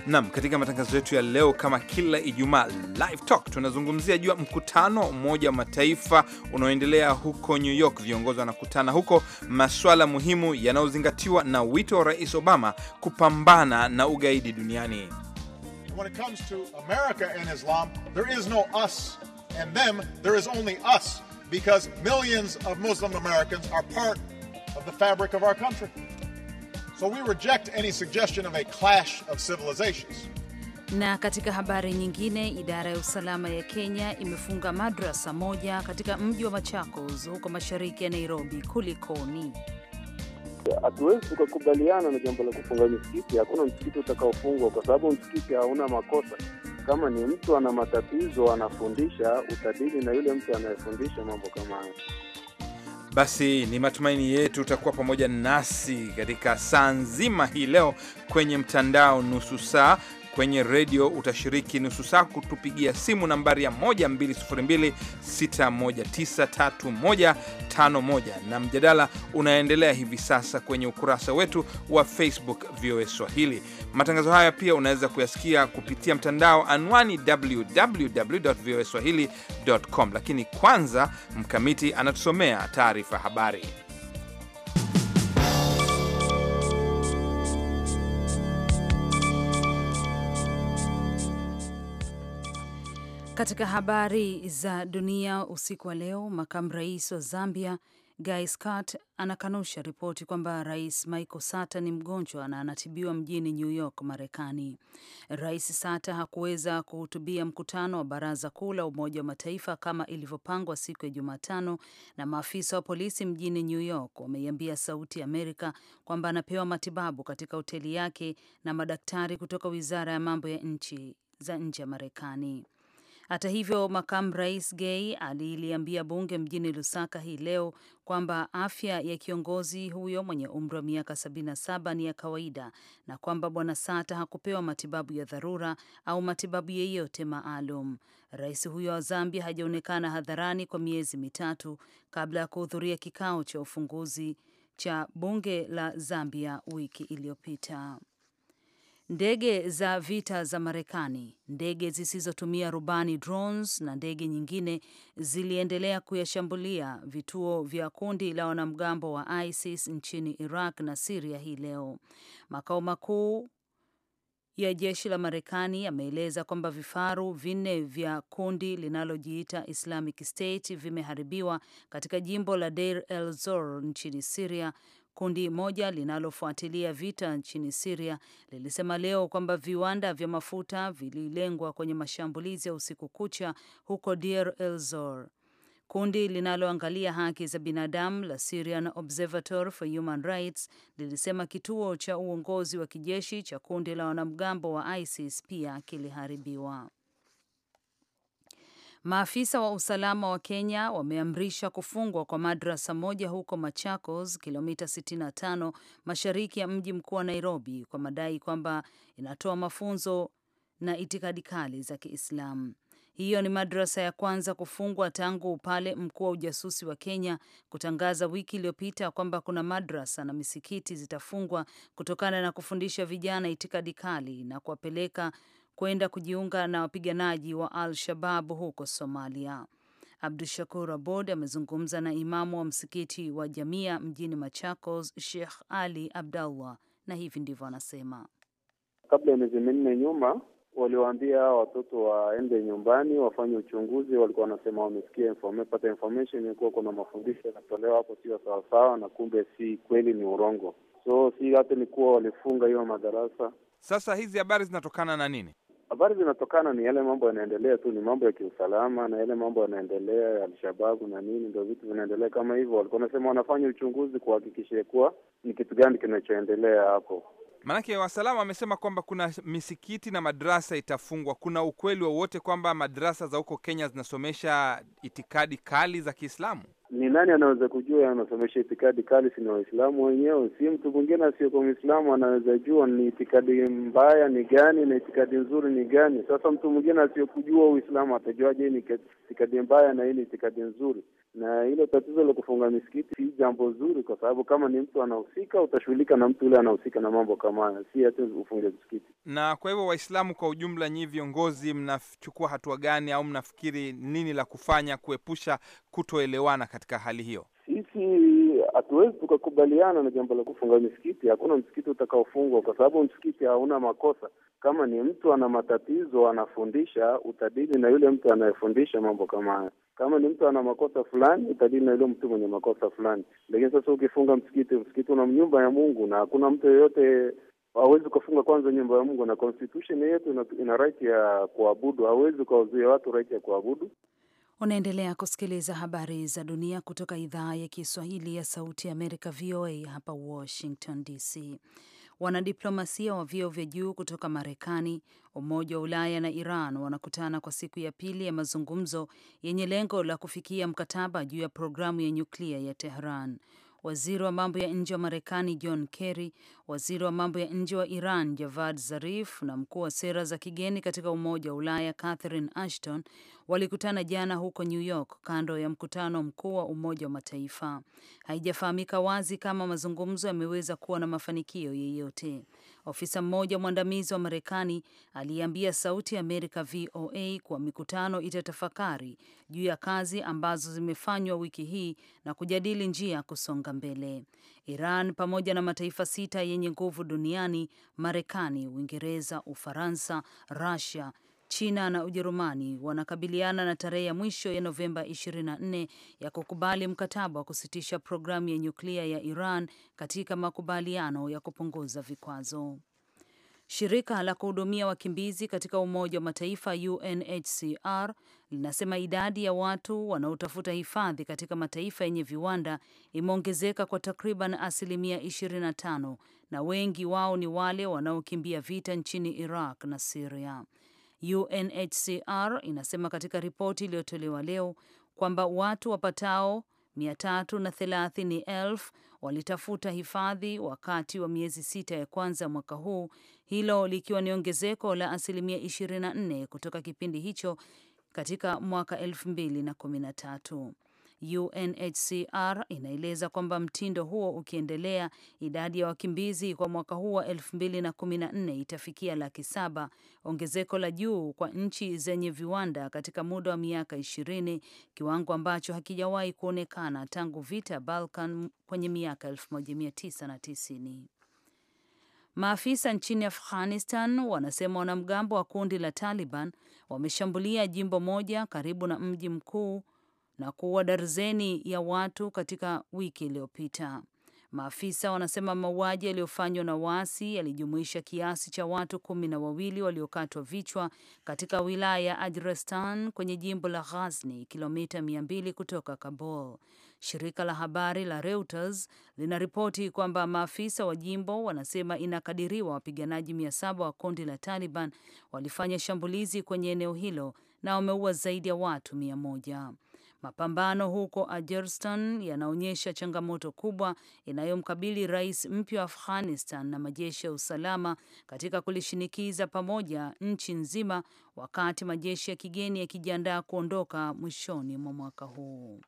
Nam, katika matangazo yetu ya leo, kama kila Ijumaa, Live Talk tunazungumzia juu ya mkutano wa Umoja wa Mataifa unaoendelea huko New York. Viongozi wanakutana huko, maswala muhimu yanayozingatiwa na wito wa Rais Obama kupambana na ugaidi duniani. When it comes to America and Islam, there is no us and them, there is only us because millions of Muslim Americans are part of the fabric of our country. So we reject any suggestion of a clash of civilizations. Na katika habari nyingine, idara ya usalama ya Kenya imefunga madrasa moja katika mji wa Machakos huko mashariki ya Nairobi. Kulikoni? Hatuwezi tukakubaliana na jambo la kufunga msikiti Hakuna msikiti utakaofungwa kwa sababu msikiti hauna makosa. Kama ni mtu ana matatizo anafundisha, utadili na yule mtu anayefundisha mambo kama hayo. Basi ni matumaini yetu utakuwa pamoja nasi katika saa nzima hii leo kwenye mtandao nusu saa Kwenye redio utashiriki nusu saa kutupigia simu nambari ya 12026193151 na mjadala unaendelea hivi sasa kwenye ukurasa wetu wa Facebook VOA Swahili. Matangazo haya pia unaweza kuyasikia kupitia mtandao anwani www.voaswahili.com. Lakini kwanza Mkamiti anatusomea taarifa habari. Katika habari za dunia usiku wa leo, makamu rais wa Zambia Guy Scott anakanusha ripoti kwamba rais Michael Sata ni mgonjwa na anatibiwa mjini New York, Marekani. Rais Sata hakuweza kuhutubia mkutano wa Baraza Kuu la Umoja wa Mataifa kama ilivyopangwa siku ya Jumatano, na maafisa wa polisi mjini New York wameiambia Sauti ya Amerika kwamba anapewa matibabu katika hoteli yake na madaktari kutoka Wizara ya Mambo ya Nchi za Nje ya Marekani. Hata hivyo, makamu rais Gay aliliambia bunge mjini Lusaka hii leo kwamba afya ya kiongozi huyo mwenye umri wa miaka 77 ni ya kawaida na kwamba bwana Sata hakupewa matibabu ya dharura au matibabu yeyote maalum. Rais huyo wa Zambia hajaonekana hadharani kwa miezi mitatu kabla ya kuhudhuria kikao cha ufunguzi cha bunge la Zambia wiki iliyopita. Ndege za vita za Marekani, ndege zisizotumia rubani drones, na ndege nyingine ziliendelea kuyashambulia vituo vya kundi la wanamgambo wa ISIS nchini Iraq na Siria hii leo. Makao makuu ya jeshi la Marekani yameeleza kwamba vifaru vinne vya kundi linalojiita Islamic State vimeharibiwa katika jimbo la Deir el Zor nchini Siria, Kundi moja linalofuatilia vita nchini Siria lilisema leo kwamba viwanda vya mafuta vililengwa kwenye mashambulizi ya usiku kucha huko Deir el-Zor. Kundi linaloangalia haki za binadamu la Syrian Observatory for Human Rights lilisema kituo cha uongozi wa kijeshi cha kundi la wanamgambo wa ISIS pia kiliharibiwa. Maafisa wa usalama wa Kenya wameamrisha kufungwa kwa madrasa moja huko Machakos, kilomita 65 mashariki ya mji mkuu wa Nairobi, kwa madai kwamba inatoa mafunzo na itikadi kali za Kiislamu. Hiyo ni madrasa ya kwanza kufungwa tangu pale mkuu wa ujasusi wa Kenya kutangaza wiki iliyopita kwamba kuna madrasa na misikiti zitafungwa kutokana na kufundisha vijana itikadi kali na kuwapeleka kwenda kujiunga na wapiganaji wa Al Shabab huko Somalia. Abdu Shakur Abod amezungumza na imamu wa msikiti wa Jamia mjini Machakos, Sheikh Ali Abdallah, na hivi ndivyo anasema. Kabla ya miezi minne nyuma waliwaambia watoto waende nyumbani wafanye uchunguzi. Walikuwa wanasema wamesikia informe, pata information kuna mafundisho yanatolewa hapo sio sawasawa, na kumbe si kweli, ni urongo. So si hata ni kuwa walifunga hiyo madarasa. Sasa hizi habari zinatokana na nini? Habari zinatokana ni yale mambo yanaendelea tu, ni mambo ya kiusalama na yale mambo yanaendelea ya Alshababu na nini, ndio vitu vinaendelea kama hivyo. Walikuwa wanasema wanafanya uchunguzi kuhakikisha kuwa ni kitu gani kinachoendelea hapo. Maanake wasalama wamesema kwamba kuna misikiti na madrasa itafungwa. Kuna ukweli wowote kwamba madrasa za huko Kenya zinasomesha itikadi kali za Kiislamu? ni nani anaweza kujua anasomesha itikadi kali? Si ni Waislamu wenyewe, si mtu mwingine asiyekuwa Mwislamu anaweza jua ni itikadi mbaya ni gani na itikadi nzuri ni gani. Sasa mtu mwingine asiyekujua Uislamu atajuaje ni itikadi mbaya na hii ni itikadi nzuri? Na hilo tatizo la kufunga misikiti si jambo zuri, kwa sababu kama ni mtu anahusika, utashughulika na mtu yule anahusika na mambo kama haya, si hati ufunge misikiti. Na kwa hivyo Waislamu kwa ujumla, nyii viongozi, mnachukua hatua gani au mnafikiri nini la kufanya kuepusha kutoelewana? katika hali hiyo? Sisi hatuwezi tukakubaliana na jambo la kufunga misikiti. Hakuna msikiti utakaofungwa kwa sababu msikiti hauna makosa. Kama ni mtu ana matatizo anafundisha, utadili na yule mtu anayefundisha mambo kama haya. Kama ni mtu ana makosa fulani, utadili na yule mtu mwenye makosa fulani. Lakini sasa ukifunga msikiti, msikiti una nyumba ya Mungu na hakuna mtu yeyote hawezi ukafunga kwanza nyumba ya Mungu, na constitution yetu ina, ina right ya kuabudu. Hawezi ukawazuia watu right ya kuabudu. Unaendelea kusikiliza habari za dunia kutoka idhaa ya Kiswahili ya Sauti ya Amerika, VOA hapa Washington DC. Wanadiplomasia wa vyeo vya juu kutoka Marekani, Umoja wa Ulaya na Iran wanakutana kwa siku ya pili ya mazungumzo yenye lengo la kufikia mkataba juu ya programu ya nyuklia ya Tehran waziri wa mambo ya nje wa Marekani John Kerry, waziri wa mambo ya nje wa Iran Javad Zarif na mkuu wa sera za kigeni katika Umoja wa Ulaya Catherine Ashton walikutana jana huko New York kando ya mkutano mkuu wa Umoja wa Mataifa. Haijafahamika wazi kama mazungumzo yameweza kuwa na mafanikio yeyote. Ofisa mmoja mwandamizi wa Marekani aliambia Sauti ya Amerika VOA kuwa mikutano itatafakari juu ya kazi ambazo zimefanywa wiki hii na kujadili njia ya kusonga mbele. Iran pamoja na mataifa sita yenye nguvu duniani, Marekani, Uingereza, Ufaransa, Rusia, China na Ujerumani wanakabiliana na tarehe ya mwisho ya Novemba 24 ya kukubali mkataba wa kusitisha programu ya nyuklia ya Iran katika makubaliano ya kupunguza vikwazo. Shirika la kuhudumia wakimbizi katika Umoja wa Mataifa UNHCR linasema idadi ya watu wanaotafuta hifadhi katika mataifa yenye viwanda imeongezeka kwa takriban asilimia 25 na wengi wao ni wale wanaokimbia vita nchini Iraq na Siria. UNHCR inasema katika ripoti iliyotolewa leo kwamba watu wapatao 330,000 walitafuta hifadhi wakati wa miezi sita ya kwanza mwaka huu, hilo likiwa ni ongezeko la asilimia 24 kutoka kipindi hicho katika mwaka 2013. UNHCR inaeleza kwamba mtindo huo ukiendelea, idadi ya wakimbizi kwa mwaka huu wa 2014 itafikia laki saba, ongezeko la juu kwa nchi zenye viwanda katika muda wa miaka 20, kiwango ambacho hakijawahi kuonekana tangu vita Balkan kwenye miaka 1990. Maafisa nchini Afghanistan wanasema wanamgambo wa kundi la Taliban wameshambulia jimbo moja karibu na mji mkuu na kuua darzeni ya watu katika wiki iliyopita. Maafisa wanasema mauaji yaliyofanywa na waasi yalijumuisha kiasi cha watu kumi na wawili waliokatwa vichwa katika wilaya ya Ajrestan kwenye jimbo la Ghazni, kilomita mia mbili kutoka Kabul. Shirika la habari la Reuters linaripoti kwamba maafisa wa jimbo wanasema inakadiriwa wapiganaji saba wa kundi la Taliban walifanya shambulizi kwenye eneo hilo na wameua zaidi ya watu mia moja. Mapambano huko Ajerstan yanaonyesha changamoto kubwa inayomkabili rais mpya wa Afghanistan na majeshi ya usalama katika kulishinikiza pamoja nchi nzima, wakati majeshi ya kigeni yakijiandaa kuondoka mwishoni mwa mwaka huu.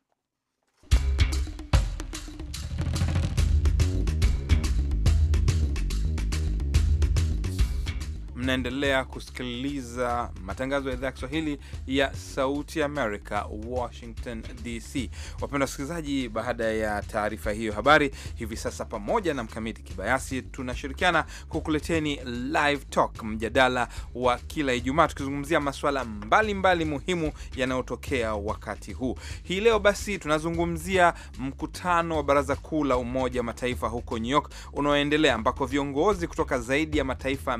Mnaendelea kusikiliza matangazo ya idhaa ya Kiswahili ya Sauti Amerika, Washington DC. Wapenda wasikilizaji, baada ya taarifa hiyo habari, hivi sasa pamoja na Mkamiti Kibayasi tunashirikiana kukuleteni Live Talk, mjadala wa kila Ijumaa tukizungumzia masuala mbalimbali mbali muhimu yanayotokea wakati huu. Hii leo basi tunazungumzia mkutano wa Baraza Kuu la Umoja wa Mataifa huko New York unaoendelea ambako viongozi kutoka zaidi ya mataifa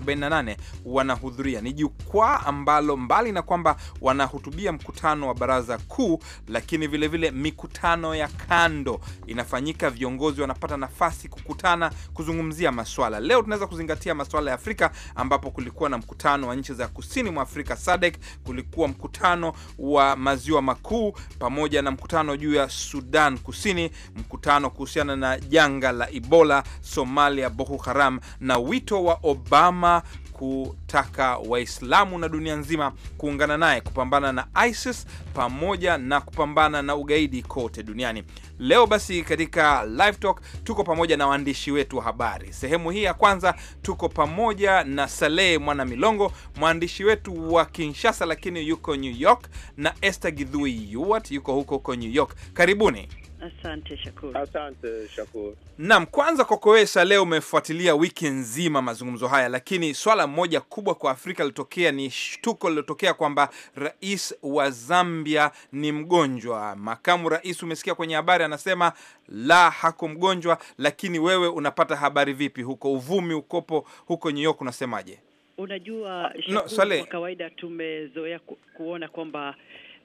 48 wanahudhuria. Ni jukwaa ambalo mbali na kwamba wanahutubia mkutano wa baraza kuu, lakini vilevile vile mikutano ya kando inafanyika, viongozi wanapata nafasi kukutana kuzungumzia maswala. Leo tunaweza kuzingatia maswala ya Afrika ambapo kulikuwa na mkutano wa nchi za kusini mwa Afrika SADC, kulikuwa mkutano wa maziwa makuu pamoja na mkutano juu ya Sudan Kusini, mkutano kuhusiana na janga la Ebola, Somalia, Boko Haram na wito wa Obama Obama kutaka Waislamu na dunia nzima kuungana naye kupambana na ISIS pamoja na kupambana na ugaidi kote duniani. Leo basi katika Live Talk tuko pamoja na waandishi wetu wa habari. Sehemu hii ya kwanza tuko pamoja na Saleh Mwana Milongo, mwandishi wetu wa Kinshasa lakini yuko New York, na Esther Gidhui Yuwat yuko huko huko New York. Karibuni. Asante Shakur. Asante Shakur. Naam, kwanza kwako wewe leo umefuatilia wiki nzima mazungumzo haya, lakini swala moja kubwa kwa Afrika lilotokea ni shtuko lilotokea kwamba rais wa Zambia ni mgonjwa. Makamu rais, umesikia kwenye habari, anasema la, hako mgonjwa. Lakini wewe unapata habari vipi huko? Uvumi ukopo huko New York, unasemaje? Unajua Shakur, no, kwa kawaida tumezoea ku, kuona kwamba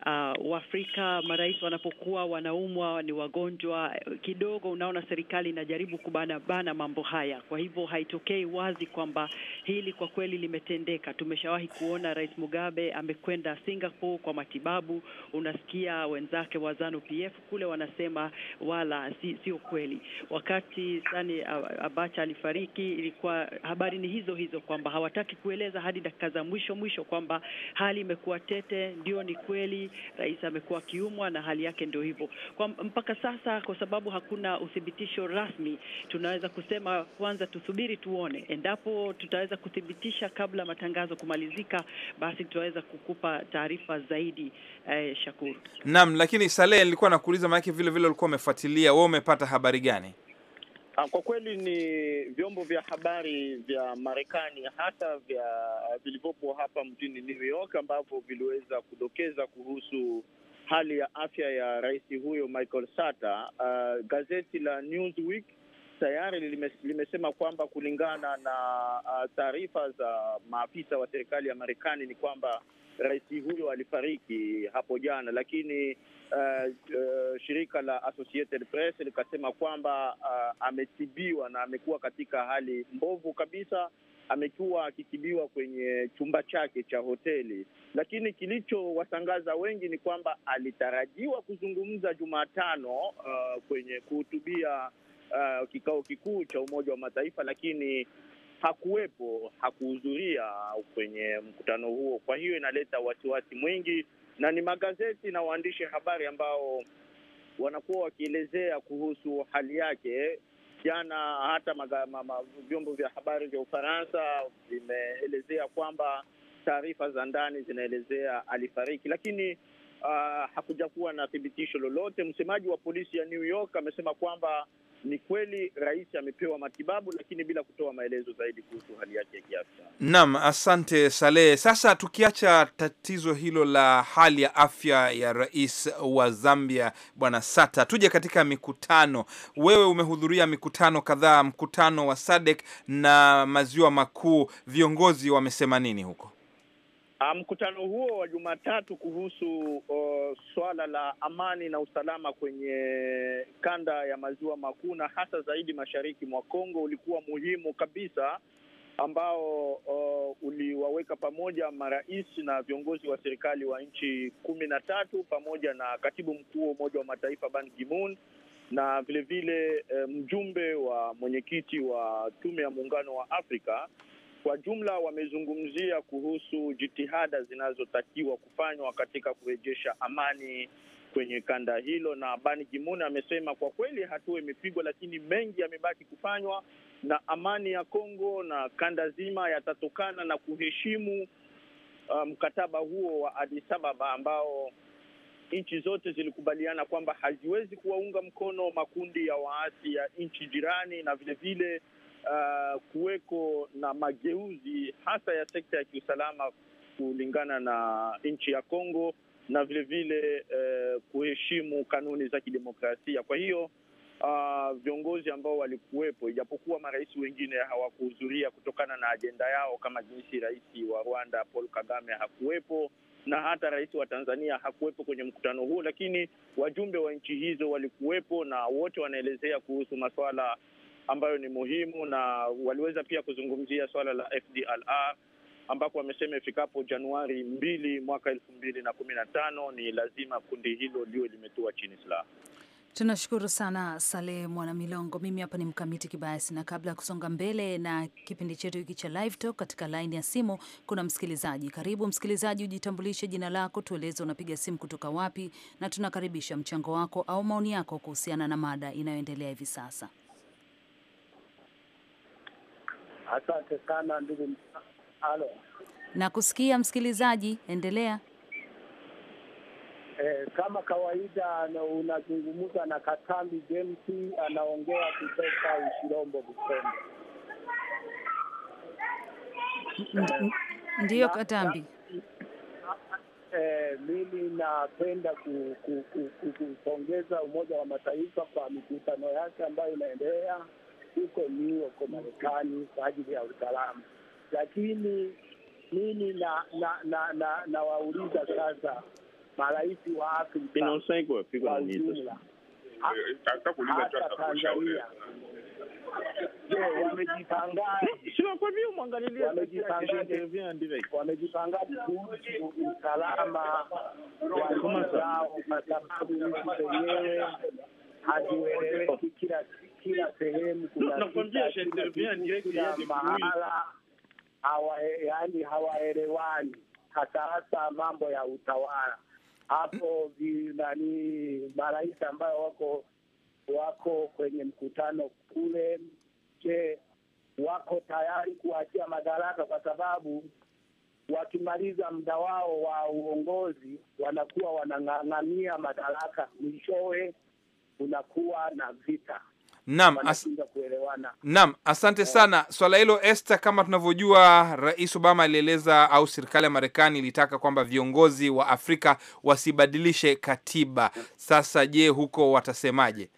uh, Waafrika marais wanapokuwa wanaumwa, ni wagonjwa kidogo, unaona serikali inajaribu kubanabana mambo haya. Kwa hivyo haitokei wazi kwamba hili kwa kweli limetendeka. Tumeshawahi kuona Rais Mugabe amekwenda Singapore kwa matibabu, unasikia wenzake wa Zanu PF kule wanasema wala si, sio kweli. Wakati Sani Abacha alifariki, ilikuwa habari ni hizo hizo kwamba hawataki kueleza hadi dakika za mwisho mwisho kwamba hali imekuwa tete, ndio ni kweli rais amekuwa akiumwa na hali yake ndio hivyo kwa mpaka sasa, kwa sababu hakuna uthibitisho rasmi, tunaweza kusema kwanza tusubiri tuone, endapo tutaweza kuthibitisha kabla matangazo kumalizika, basi tutaweza kukupa taarifa zaidi. Eh, Shakuru. Naam, lakini Saleh, nilikuwa nakuuliza maanake vile vile ulikuwa umefuatilia wewe, umepata habari gani? Ah, kwa kweli ni vyombo vya habari vya Marekani hasa vya eh, vilivyopo hapa mjini New York ambavyo viliweza kudokeza kuhusu hali ya afya ya rais huyo Michael Sata. Uh, gazeti la Newsweek tayari limesema kwamba kulingana na uh, taarifa za maafisa wa serikali ya Marekani ni kwamba rais huyo alifariki hapo jana, lakini uh, uh, shirika la Associated Press likasema kwamba uh, ametibiwa na amekuwa katika hali mbovu kabisa. Amekuwa akitibiwa kwenye chumba chake cha hoteli, lakini kilichowashangaza wengi ni kwamba alitarajiwa kuzungumza Jumatano uh, kwenye kuhutubia Uh, kikao kikuu cha Umoja wa Mataifa, lakini hakuwepo, hakuhudhuria kwenye mkutano huo. Kwa hiyo inaleta wasiwasi mwingi, na ni magazeti na waandishi habari ambao wanakuwa wakielezea kuhusu hali yake. Jana hata vyombo vya habari vya Ufaransa vimeelezea kwamba taarifa za ndani zinaelezea alifariki, lakini uh, hakuja kuwa na thibitisho lolote. Msemaji wa polisi ya New York amesema kwamba ni kweli rais amepewa matibabu, lakini bila kutoa maelezo zaidi kuhusu hali yake ya kiafya. Naam, asante Saleh. Sasa tukiacha tatizo hilo la hali ya afya ya rais wa Zambia bwana Sata, tuje katika mikutano. Wewe umehudhuria mikutano kadhaa, mkutano wa SADC na maziwa makuu, viongozi wamesema nini huko? Ah, mkutano um, huo wa Jumatatu kuhusu uh, swala la amani na usalama kwenye kanda ya maziwa makuu na hasa zaidi mashariki mwa Kongo ulikuwa muhimu kabisa, ambao uh, uliwaweka pamoja marais na viongozi wa serikali wa nchi kumi na tatu pamoja na katibu mkuu wa Umoja wa Mataifa Ban Ki-moon na vilevile vile, uh, mjumbe wa mwenyekiti wa Tume ya Muungano wa Afrika kwa jumla wamezungumzia kuhusu jitihada zinazotakiwa kufanywa katika kurejesha amani kwenye kanda hilo, na Ban Ki-moon amesema kwa kweli hatua imepigwa, lakini mengi yamebaki kufanywa, na amani ya Kongo na kanda zima yatatokana na kuheshimu uh, mkataba um, huo wa Addis Ababa ambao nchi zote zilikubaliana kwamba haziwezi kuwaunga mkono makundi ya waasi ya nchi jirani na vilevile vile uh, kuweko na mageuzi hasa ya sekta ya kiusalama kulingana na nchi ya Kongo na vilevile vile, uh, kuheshimu kanuni za kidemokrasia. Kwa hiyo uh, viongozi ambao walikuwepo, ijapokuwa marais wengine hawakuhudhuria kutokana na ajenda yao, kama jinsi rais wa Rwanda Paul Kagame hakuwepo na hata rais wa Tanzania hakuwepo kwenye mkutano huo, lakini wajumbe wa nchi hizo walikuwepo na wote wanaelezea kuhusu masuala ambayo ni muhimu, na waliweza pia kuzungumzia swala la FDLR ambapo wamesema ifikapo Januari mbili mwaka elfu mbili na kumi na tano ni lazima kundi hilo liwe limetua chini silaha. Tunashukuru sana Saleh Mwanamilongo. Mimi hapa ni Mkamiti Kibayasi, na kabla ya kusonga mbele na kipindi chetu hiki cha Live Talk, katika laini ya simu kuna msikilizaji. Karibu msikilizaji, ujitambulishe jina lako, tueleze unapiga simu kutoka wapi, na tunakaribisha mchango wako au maoni yako kuhusiana na mada inayoendelea hivi sasa. Asante sana ndugu. Halo, nakusikia msikilizaji, endelea. Eh, kama kawaida unazungumza na Katambi James, anaongea kutoka Ushirombo Bukombe. ndiyo Katambi. Eh, mimi napenda kupongeza ku, ku, ku, Umoja wa Mataifa kwa mikutano yake ambayo inaendelea huko New York Marekani kwa ajili ya usalama, lakini mimi na na na na nawauliza sasa marais wa Afrika kwa ujumla eh, eh, Tanzania, Wamejipangaje kuhusu usalama wa nchi zao? Kwa sababu nchi zenyewe hazieleweki kila siku kila sehemu kuna mahala yani hawaelewani, hasa hasa mambo ya utawala hapo nani, marais ambayo wako wako kwenye mkutano kule, je, wako tayari kuachia madaraka? Kwa sababu wakimaliza muda wao wa uongozi wanakuwa wanang'ang'ania madaraka, mwishowe kunakuwa na vita. Naam, as naam, asante eh. sana. Swala hilo Esther, kama tunavyojua, Rais Obama alieleza au serikali ya Marekani ilitaka kwamba viongozi wa Afrika wasibadilishe katiba. Mm. Sasa je, huko watasemaje?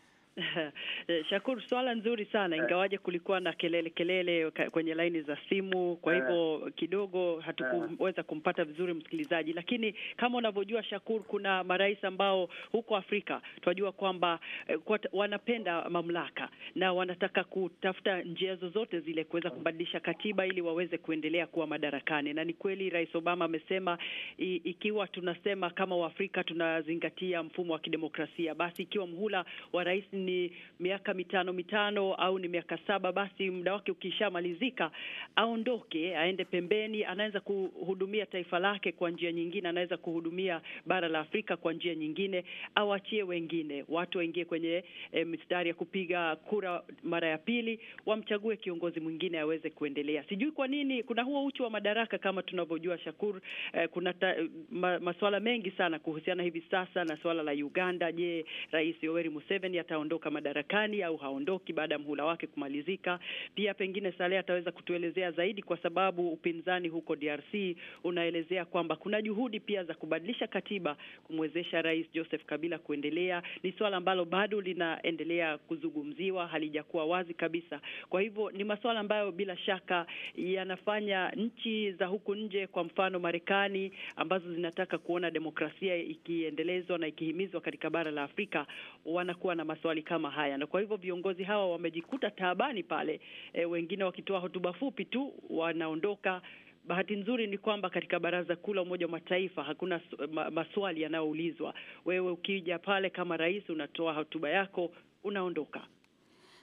Eh, Shakuru, swala nzuri sana eh. ingawaje kulikuwa na kelele kelele kwenye laini za simu, kwa eh. hivyo kidogo hatukuweza kumpata vizuri msikilizaji, lakini kama unavyojua Shakuru, kuna marais ambao huko Afrika tunajua kwamba kwa wanapenda mamlaka na wanataka kutafuta njia zozote zile kuweza kubadilisha katiba ili waweze kuendelea kuwa madarakani, na ni kweli Rais Obama amesema ikiwa tunasema kama Waafrika tunazingatia mfumo wa kidemokrasia, basi ikiwa mhula wa rais ni miaka mitano mitano au ni miaka saba, basi muda wake ukishamalizika aondoke, aende pembeni. Anaweza kuhudumia taifa lake kwa njia nyingine, anaweza kuhudumia bara la Afrika kwa njia nyingine, awachie wengine, watu waingie kwenye e, mistari ya kupiga kura mara ya pili, wamchague kiongozi mwingine aweze kuendelea. Sijui kwa nini kuna huo uchu wa madaraka kama tunavyojua Shakur, E, kuna ta, ma, masuala mengi sana kuhusiana hivi sasa na suala la Uganda. Je, Rais Yoweri Museveni ataondoka ataondoka madarakani au haondoki baada ya mhula wake kumalizika. Pia pengine Saleh ataweza kutuelezea zaidi, kwa sababu upinzani huko DRC unaelezea kwamba kuna juhudi pia za kubadilisha katiba kumwezesha Rais Joseph Kabila kuendelea. Ni swala ambalo bado linaendelea kuzungumziwa, halijakuwa wazi kabisa. Kwa hivyo ni masuala ambayo bila shaka yanafanya nchi za huku nje, kwa mfano Marekani, ambazo zinataka kuona demokrasia ikiendelezwa na ikihimizwa katika bara la Afrika, wanakuwa na maswali kama haya, na kwa hivyo viongozi hawa wamejikuta taabani pale, e, wengine wakitoa hotuba fupi tu wanaondoka. Bahati nzuri ni kwamba katika Baraza Kuu la Umoja wa Mataifa hakuna maswali yanayoulizwa. Wewe ukija pale kama rais, unatoa hotuba yako, unaondoka.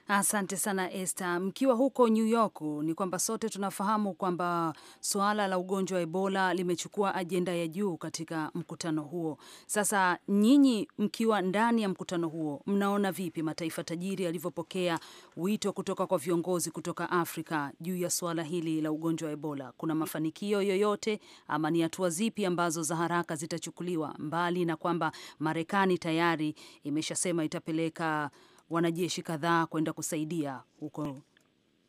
Asante sana Esther. Mkiwa huko New York, ni kwamba sote tunafahamu kwamba suala la ugonjwa wa Ebola limechukua ajenda ya juu katika mkutano huo. Sasa nyinyi mkiwa ndani ya mkutano huo, mnaona vipi mataifa tajiri yalivyopokea wito kutoka kwa viongozi kutoka Afrika juu ya suala hili la ugonjwa wa Ebola? Kuna mafanikio yoyote ama ni hatua zipi ambazo za haraka zitachukuliwa, mbali na kwamba Marekani tayari imeshasema itapeleka wanajeshi kadhaa kwenda kusaidia huko.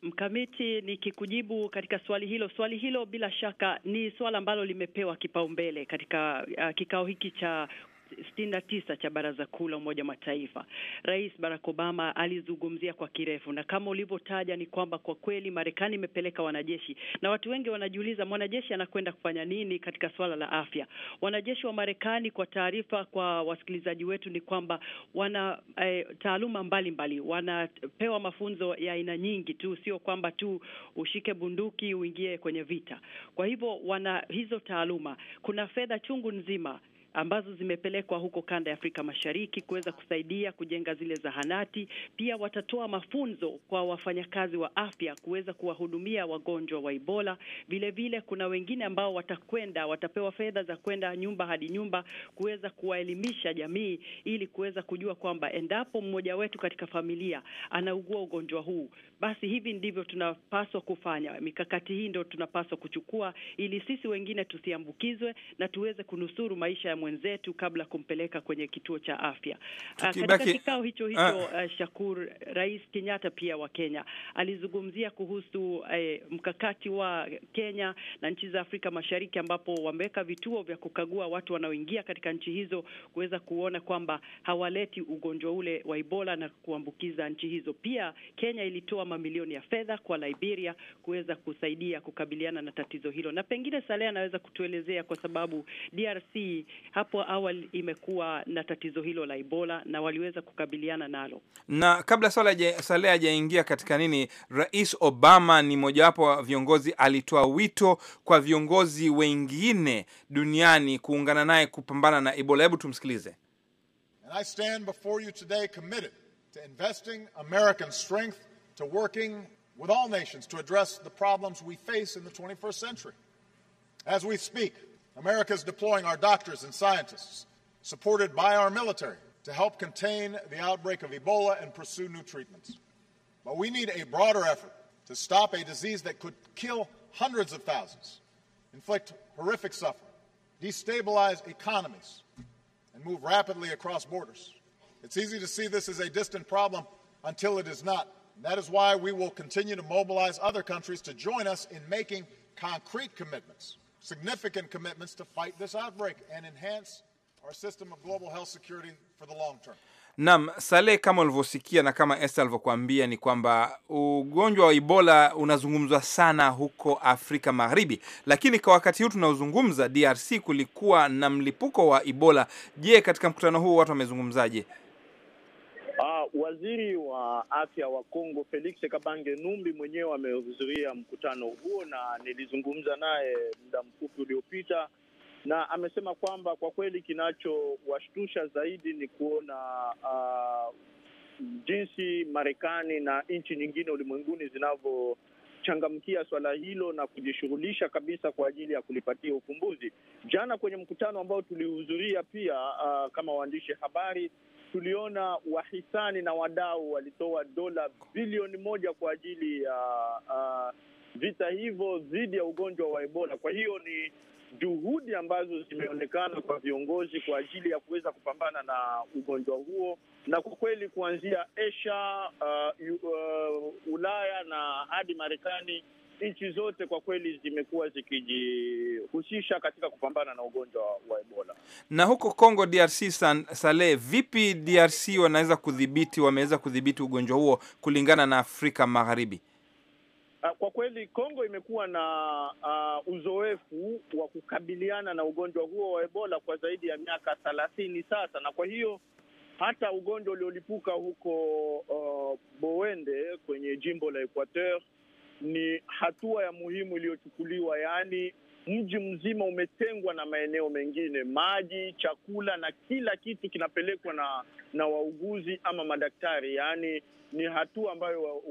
Mkamiti, nikikujibu katika swali hilo, swali hilo bila shaka ni swala ambalo limepewa kipaumbele katika uh, kikao hiki cha sitini na tisa cha Baraza Kuu la Umoja Mataifa. Rais Barack Obama alizungumzia kwa kirefu, na kama ulivyotaja ni kwamba kwa kweli Marekani imepeleka wanajeshi, na watu wengi wanajiuliza mwanajeshi anakwenda kufanya nini katika swala la afya. Wanajeshi wa Marekani, kwa taarifa kwa wasikilizaji wetu, ni kwamba wana eh, taaluma mbalimbali, wanapewa mafunzo ya aina nyingi tu, sio kwamba tu ushike bunduki uingie kwenye vita. Kwa hivyo wana hizo taaluma, kuna fedha chungu nzima ambazo zimepelekwa huko kanda ya Afrika Mashariki kuweza kusaidia kujenga zile zahanati. Pia watatoa mafunzo kwa wafanyakazi wa afya kuweza kuwahudumia wagonjwa wa Ebola. Vile vile kuna wengine ambao watakwenda, watapewa fedha za kwenda nyumba hadi nyumba kuweza kuwaelimisha jamii ili kuweza kujua kwamba endapo mmoja wetu katika familia anaugua ugonjwa huu, basi hivi ndivyo tunapaswa kufanya. Mikakati hii ndio tunapaswa kuchukua ili sisi wengine tusiambukizwe na tuweze kunusuru maisha ya mwenzetu kabla ya kumpeleka kwenye kituo cha afya. Ah, katika kikao hicho ah. hicho, ah, Shakur, Rais Kenyatta pia wa Kenya alizungumzia kuhusu eh, mkakati wa Kenya na nchi za Afrika Mashariki ambapo wameweka vituo vya kukagua watu wanaoingia katika nchi hizo kuweza kuona kwamba hawaleti ugonjwa ule wa Ebola na kuambukiza nchi hizo. Pia Kenya ilitoa mamilioni ya fedha kwa Liberia kuweza kusaidia kukabiliana na tatizo hilo, na pengine Saleh anaweza kutuelezea kwa sababu DRC hapo awali imekuwa na tatizo hilo la Ebola na waliweza kukabiliana nalo. Na kabla Saleh hajaingia katika nini, Rais Obama ni mojawapo wa viongozi, alitoa wito kwa viongozi wengine duniani kuungana naye kupambana na Ebola. Hebu tumsikilize. And I stand before you today committed to investing American strength to working with all nations to address the problems we face in the 21st century. As we speak America is deploying our doctors and scientists, supported by our military, to help contain the outbreak of Ebola and pursue new treatments. But we need a broader effort to stop a disease that could kill hundreds of thousands, inflict horrific suffering, destabilize economies, and move rapidly across borders. It's easy to see this as a distant problem until it is not. And that is why we will continue to mobilize other countries to join us in making concrete commitments significant commitments to fight this outbreak and enhance our system of global health security for the long term. Naam, Saleh, kama ulivyosikia na kama Esther alivyokuambia ni kwamba ugonjwa wa Ebola unazungumzwa sana huko Afrika Magharibi, lakini kwa wakati huu tunaozungumza, DRC kulikuwa na mlipuko wa Ebola. Je, katika mkutano huu watu wamezungumzaje? Uh, waziri wa afya wa Kongo Felix Kabange Numbi mwenyewe amehudhuria mkutano huo na nilizungumza naye muda mfupi uliopita, na amesema kwamba kwa kweli kinachowashtusha zaidi ni kuona uh, jinsi Marekani na nchi nyingine ulimwenguni zinavyo changamkia swala hilo na kujishughulisha kabisa kwa ajili ya kulipatia ufumbuzi. Jana kwenye mkutano ambao tulihudhuria pia, uh, kama waandishi habari tuliona wahisani na wadau walitoa dola bilioni moja kwa ajili ya uh, uh, vita hivyo dhidi ya ugonjwa wa Ebola. Kwa hiyo ni juhudi ambazo zimeonekana kwa viongozi kwa ajili ya kuweza kupambana na ugonjwa huo, na kwa kweli kuanzia Asia, uh, uh, Ulaya na hadi Marekani nchi zote kwa kweli zimekuwa zikijihusisha katika kupambana na ugonjwa wa Ebola. Na huko Congo DRC, san, vipi DRC wanaweza kudhibiti, wameweza kudhibiti ugonjwa huo kulingana na Afrika Magharibi? Ah, kwa kweli Kongo imekuwa na uh, uzoefu wa kukabiliana na ugonjwa huo wa Ebola kwa zaidi ya miaka thelathini sasa, na kwa hiyo hata ugonjwa uliolipuka huko uh, Bowende kwenye jimbo la Equateur ni hatua ya muhimu iliyochukuliwa, yaani mji mzima umetengwa na maeneo mengine, maji, chakula na kila kitu kinapelekwa na na wauguzi ama madaktari. Yaani ni hatua ambayo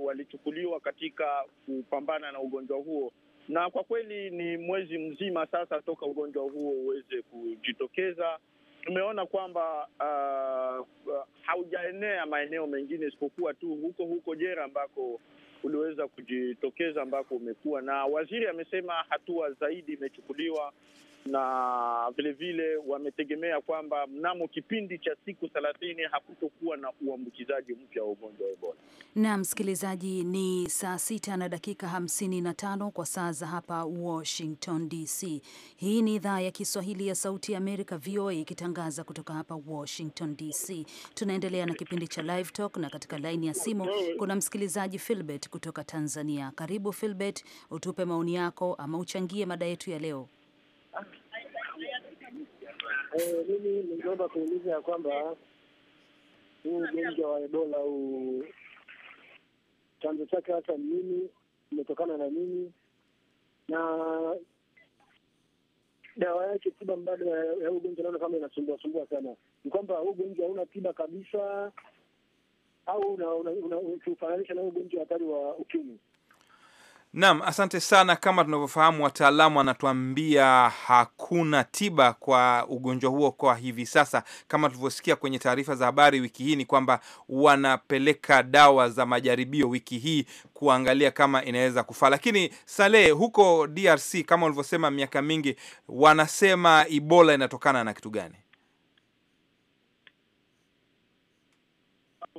walichukuliwa wali katika kupambana na ugonjwa huo, na kwa kweli ni mwezi mzima sasa toka ugonjwa huo uweze kujitokeza. Tumeona kwamba uh, uh haujaenea maeneo mengine isipokuwa tu huko huko Jera ambako uliweza kujitokeza ambako umekuwa na waziri amesema hatua zaidi imechukuliwa na vilevile wametegemea kwamba mnamo kipindi cha siku thelathini hakutokuwa na uambukizaji mpya wa ugonjwa wa Ebola. Na msikilizaji, ni saa sita na dakika hamsini na tano kwa saa za hapa Washington DC. Hii ni idhaa ya Kiswahili ya Sauti ya Amerika, VOA, ikitangaza kutoka hapa Washington DC. Tunaendelea na kipindi cha Live Talk na katika laini ya simu kuna msikilizaji Filbert kutoka Tanzania. Karibu Filbert, utupe maoni yako ama uchangie mada yetu ya leo. Eh, mimi ningeomba kuuliza ya kwamba huu ugonjwa wa Ebola huu chanzo chake hasa ni nini, umetokana na nini, na dawa yake, tiba mbadala ya ugonjwa? Naona kama inasumbua sumbua sana. Ni kwamba huu ugonjwa hauna tiba kabisa, au ukiufananisha na ugonjwa hatari wa ukimwi? Naam, asante sana. Kama tunavyofahamu, wataalamu wanatuambia hakuna tiba kwa ugonjwa huo kwa hivi sasa. Kama tulivyosikia kwenye taarifa za habari wiki hii, ni kwamba wanapeleka dawa za majaribio wiki hii kuangalia kama inaweza kufaa. Lakini Saleh, huko DRC, kama ulivyosema, miaka mingi, wanasema Ebola inatokana na kitu gani?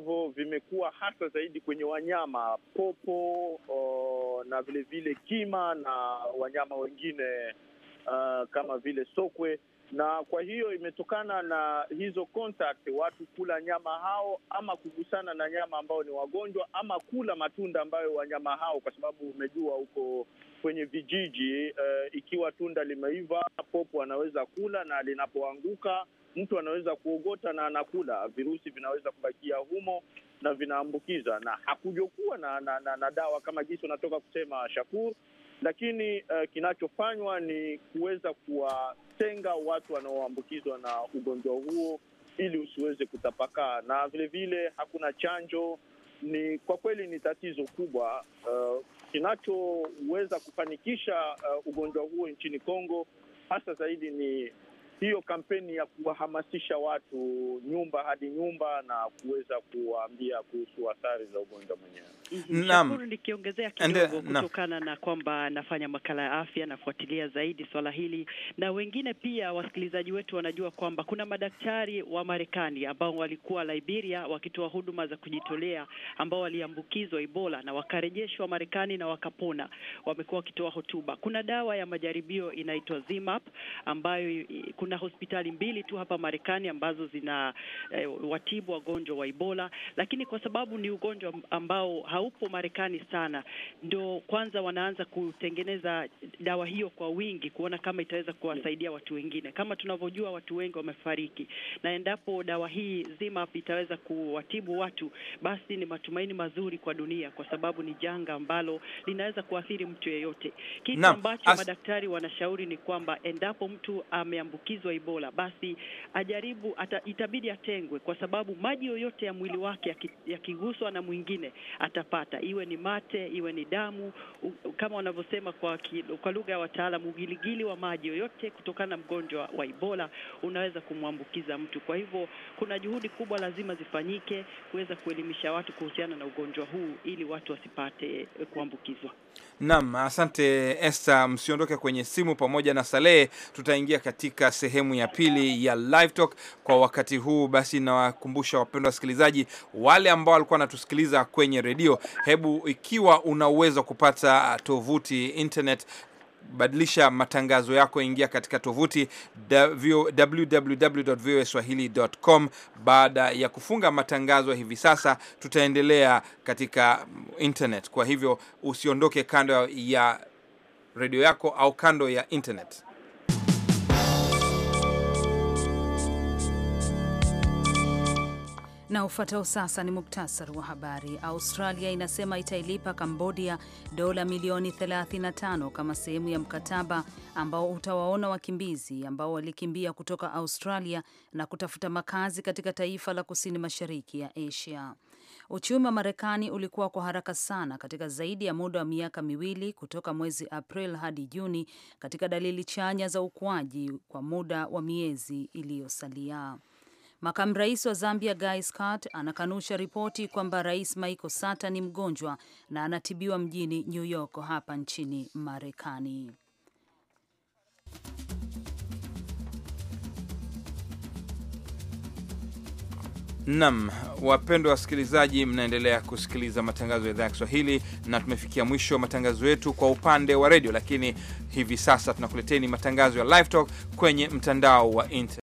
ambavyo vimekuwa hasa zaidi kwenye wanyama popo o, na vilevile vile kima na wanyama wengine uh, kama vile sokwe na kwa hiyo imetokana na hizo contact, watu kula nyama hao ama kugusana na nyama ambao ni wagonjwa ama kula matunda ambayo wanyama hao, kwa sababu umejua huko kwenye vijiji uh, ikiwa tunda limeiva popo anaweza kula, na linapoanguka mtu anaweza kuogota na anakula, virusi vinaweza kubakia humo na vinaambukiza, na hakujokuwa na, na, na, na dawa kama jinsi unatoka kusema Shakur lakini uh, kinachofanywa ni kuweza kuwatenga watu wanaoambukizwa na ugonjwa huo ili usiweze kutapakaa, na vilevile vile, hakuna chanjo. Ni kwa kweli ni tatizo kubwa uh, kinachoweza kufanikisha uh, ugonjwa huo nchini Kongo hasa zaidi ni hiyo kampeni ya kuwahamasisha watu nyumba hadi nyumba na kuweza kuwaambia kuhusu athari za ugonjwa mwenyewe. Naam, nikiongezea kidogo kutokana na kwamba nafanya makala ya afya, nafuatilia zaidi swala hili, na wengine pia wasikilizaji wetu wanajua kwamba kuna madaktari wa Marekani ambao walikuwa Liberia wakitoa huduma za kujitolea ambao waliambukizwa Ebola na wakarejeshwa Marekani na wakapona, wamekuwa wakitoa hotuba. Kuna dawa ya majaribio inaitwa Zimap ambayo kuna kuna hospitali mbili tu hapa Marekani ambazo zina eh, watibu wagonjwa wa Ebola, lakini kwa sababu ni ugonjwa ambao haupo Marekani sana, ndio kwanza wanaanza kutengeneza dawa hiyo kwa wingi, kuona kama itaweza kuwasaidia watu wengine. Kama tunavyojua, watu wengi wamefariki, na endapo dawa hii zima itaweza kuwatibu watu, basi ni matumaini mazuri kwa dunia, kwa sababu ni janga ambalo linaweza kuathiri mtu yeyote. Kitu ambacho madaktari wanashauri ni kwamba endapo mtu ameambukiza ameambukizwa Ebola, basi ajaribu ata, itabidi atengwe, kwa sababu maji yoyote ya mwili wake yakiguswa ya na mwingine atapata, iwe ni mate, iwe ni damu, u, kama wanavyosema kwa, kwa lugha ya wataalamu, ugiligili wa maji yoyote kutokana na mgonjwa wa Ebola unaweza kumwambukiza mtu. Kwa hivyo kuna juhudi kubwa lazima zifanyike kuweza kuelimisha watu kuhusiana na ugonjwa huu ili watu wasipate kuambukizwa. Naam, asante Esther, msiondoke kwenye simu pamoja na Salehe. Tutaingia katika sehemu ya pili ya live talk. Kwa wakati huu basi, nawakumbusha wapendwa wasikilizaji, wale ambao walikuwa wanatusikiliza kwenye redio, hebu ikiwa una uwezo wa kupata uh, tovuti internet badilisha matangazo yako, ingia katika tovuti www.voaswahili.com. Baada ya kufunga matangazo hivi sasa, tutaendelea katika internet. Kwa hivyo usiondoke kando ya redio yako au kando ya internet. Na ufuatao sasa ni muktasari wa habari. Australia inasema itailipa Kambodia dola milioni 35 kama sehemu ya mkataba ambao utawaona wakimbizi ambao walikimbia kutoka Australia na kutafuta makazi katika taifa la kusini mashariki ya Asia. Uchumi wa Marekani ulikuwa kwa haraka sana katika zaidi ya muda wa miaka miwili kutoka mwezi April hadi Juni katika dalili chanya za ukuaji kwa muda wa miezi iliyosalia. Makamu rais wa Zambia Guy Scott anakanusha ripoti kwamba rais Michael Sata ni mgonjwa na anatibiwa mjini New York hapa nchini Marekani. Nam, wapendwa wasikilizaji, mnaendelea kusikiliza matangazo ya idhaa ya Kiswahili na tumefikia mwisho wa matangazo yetu kwa upande wa redio, lakini hivi sasa tunakuleteni matangazo ya Live Talk kwenye mtandao wa internet.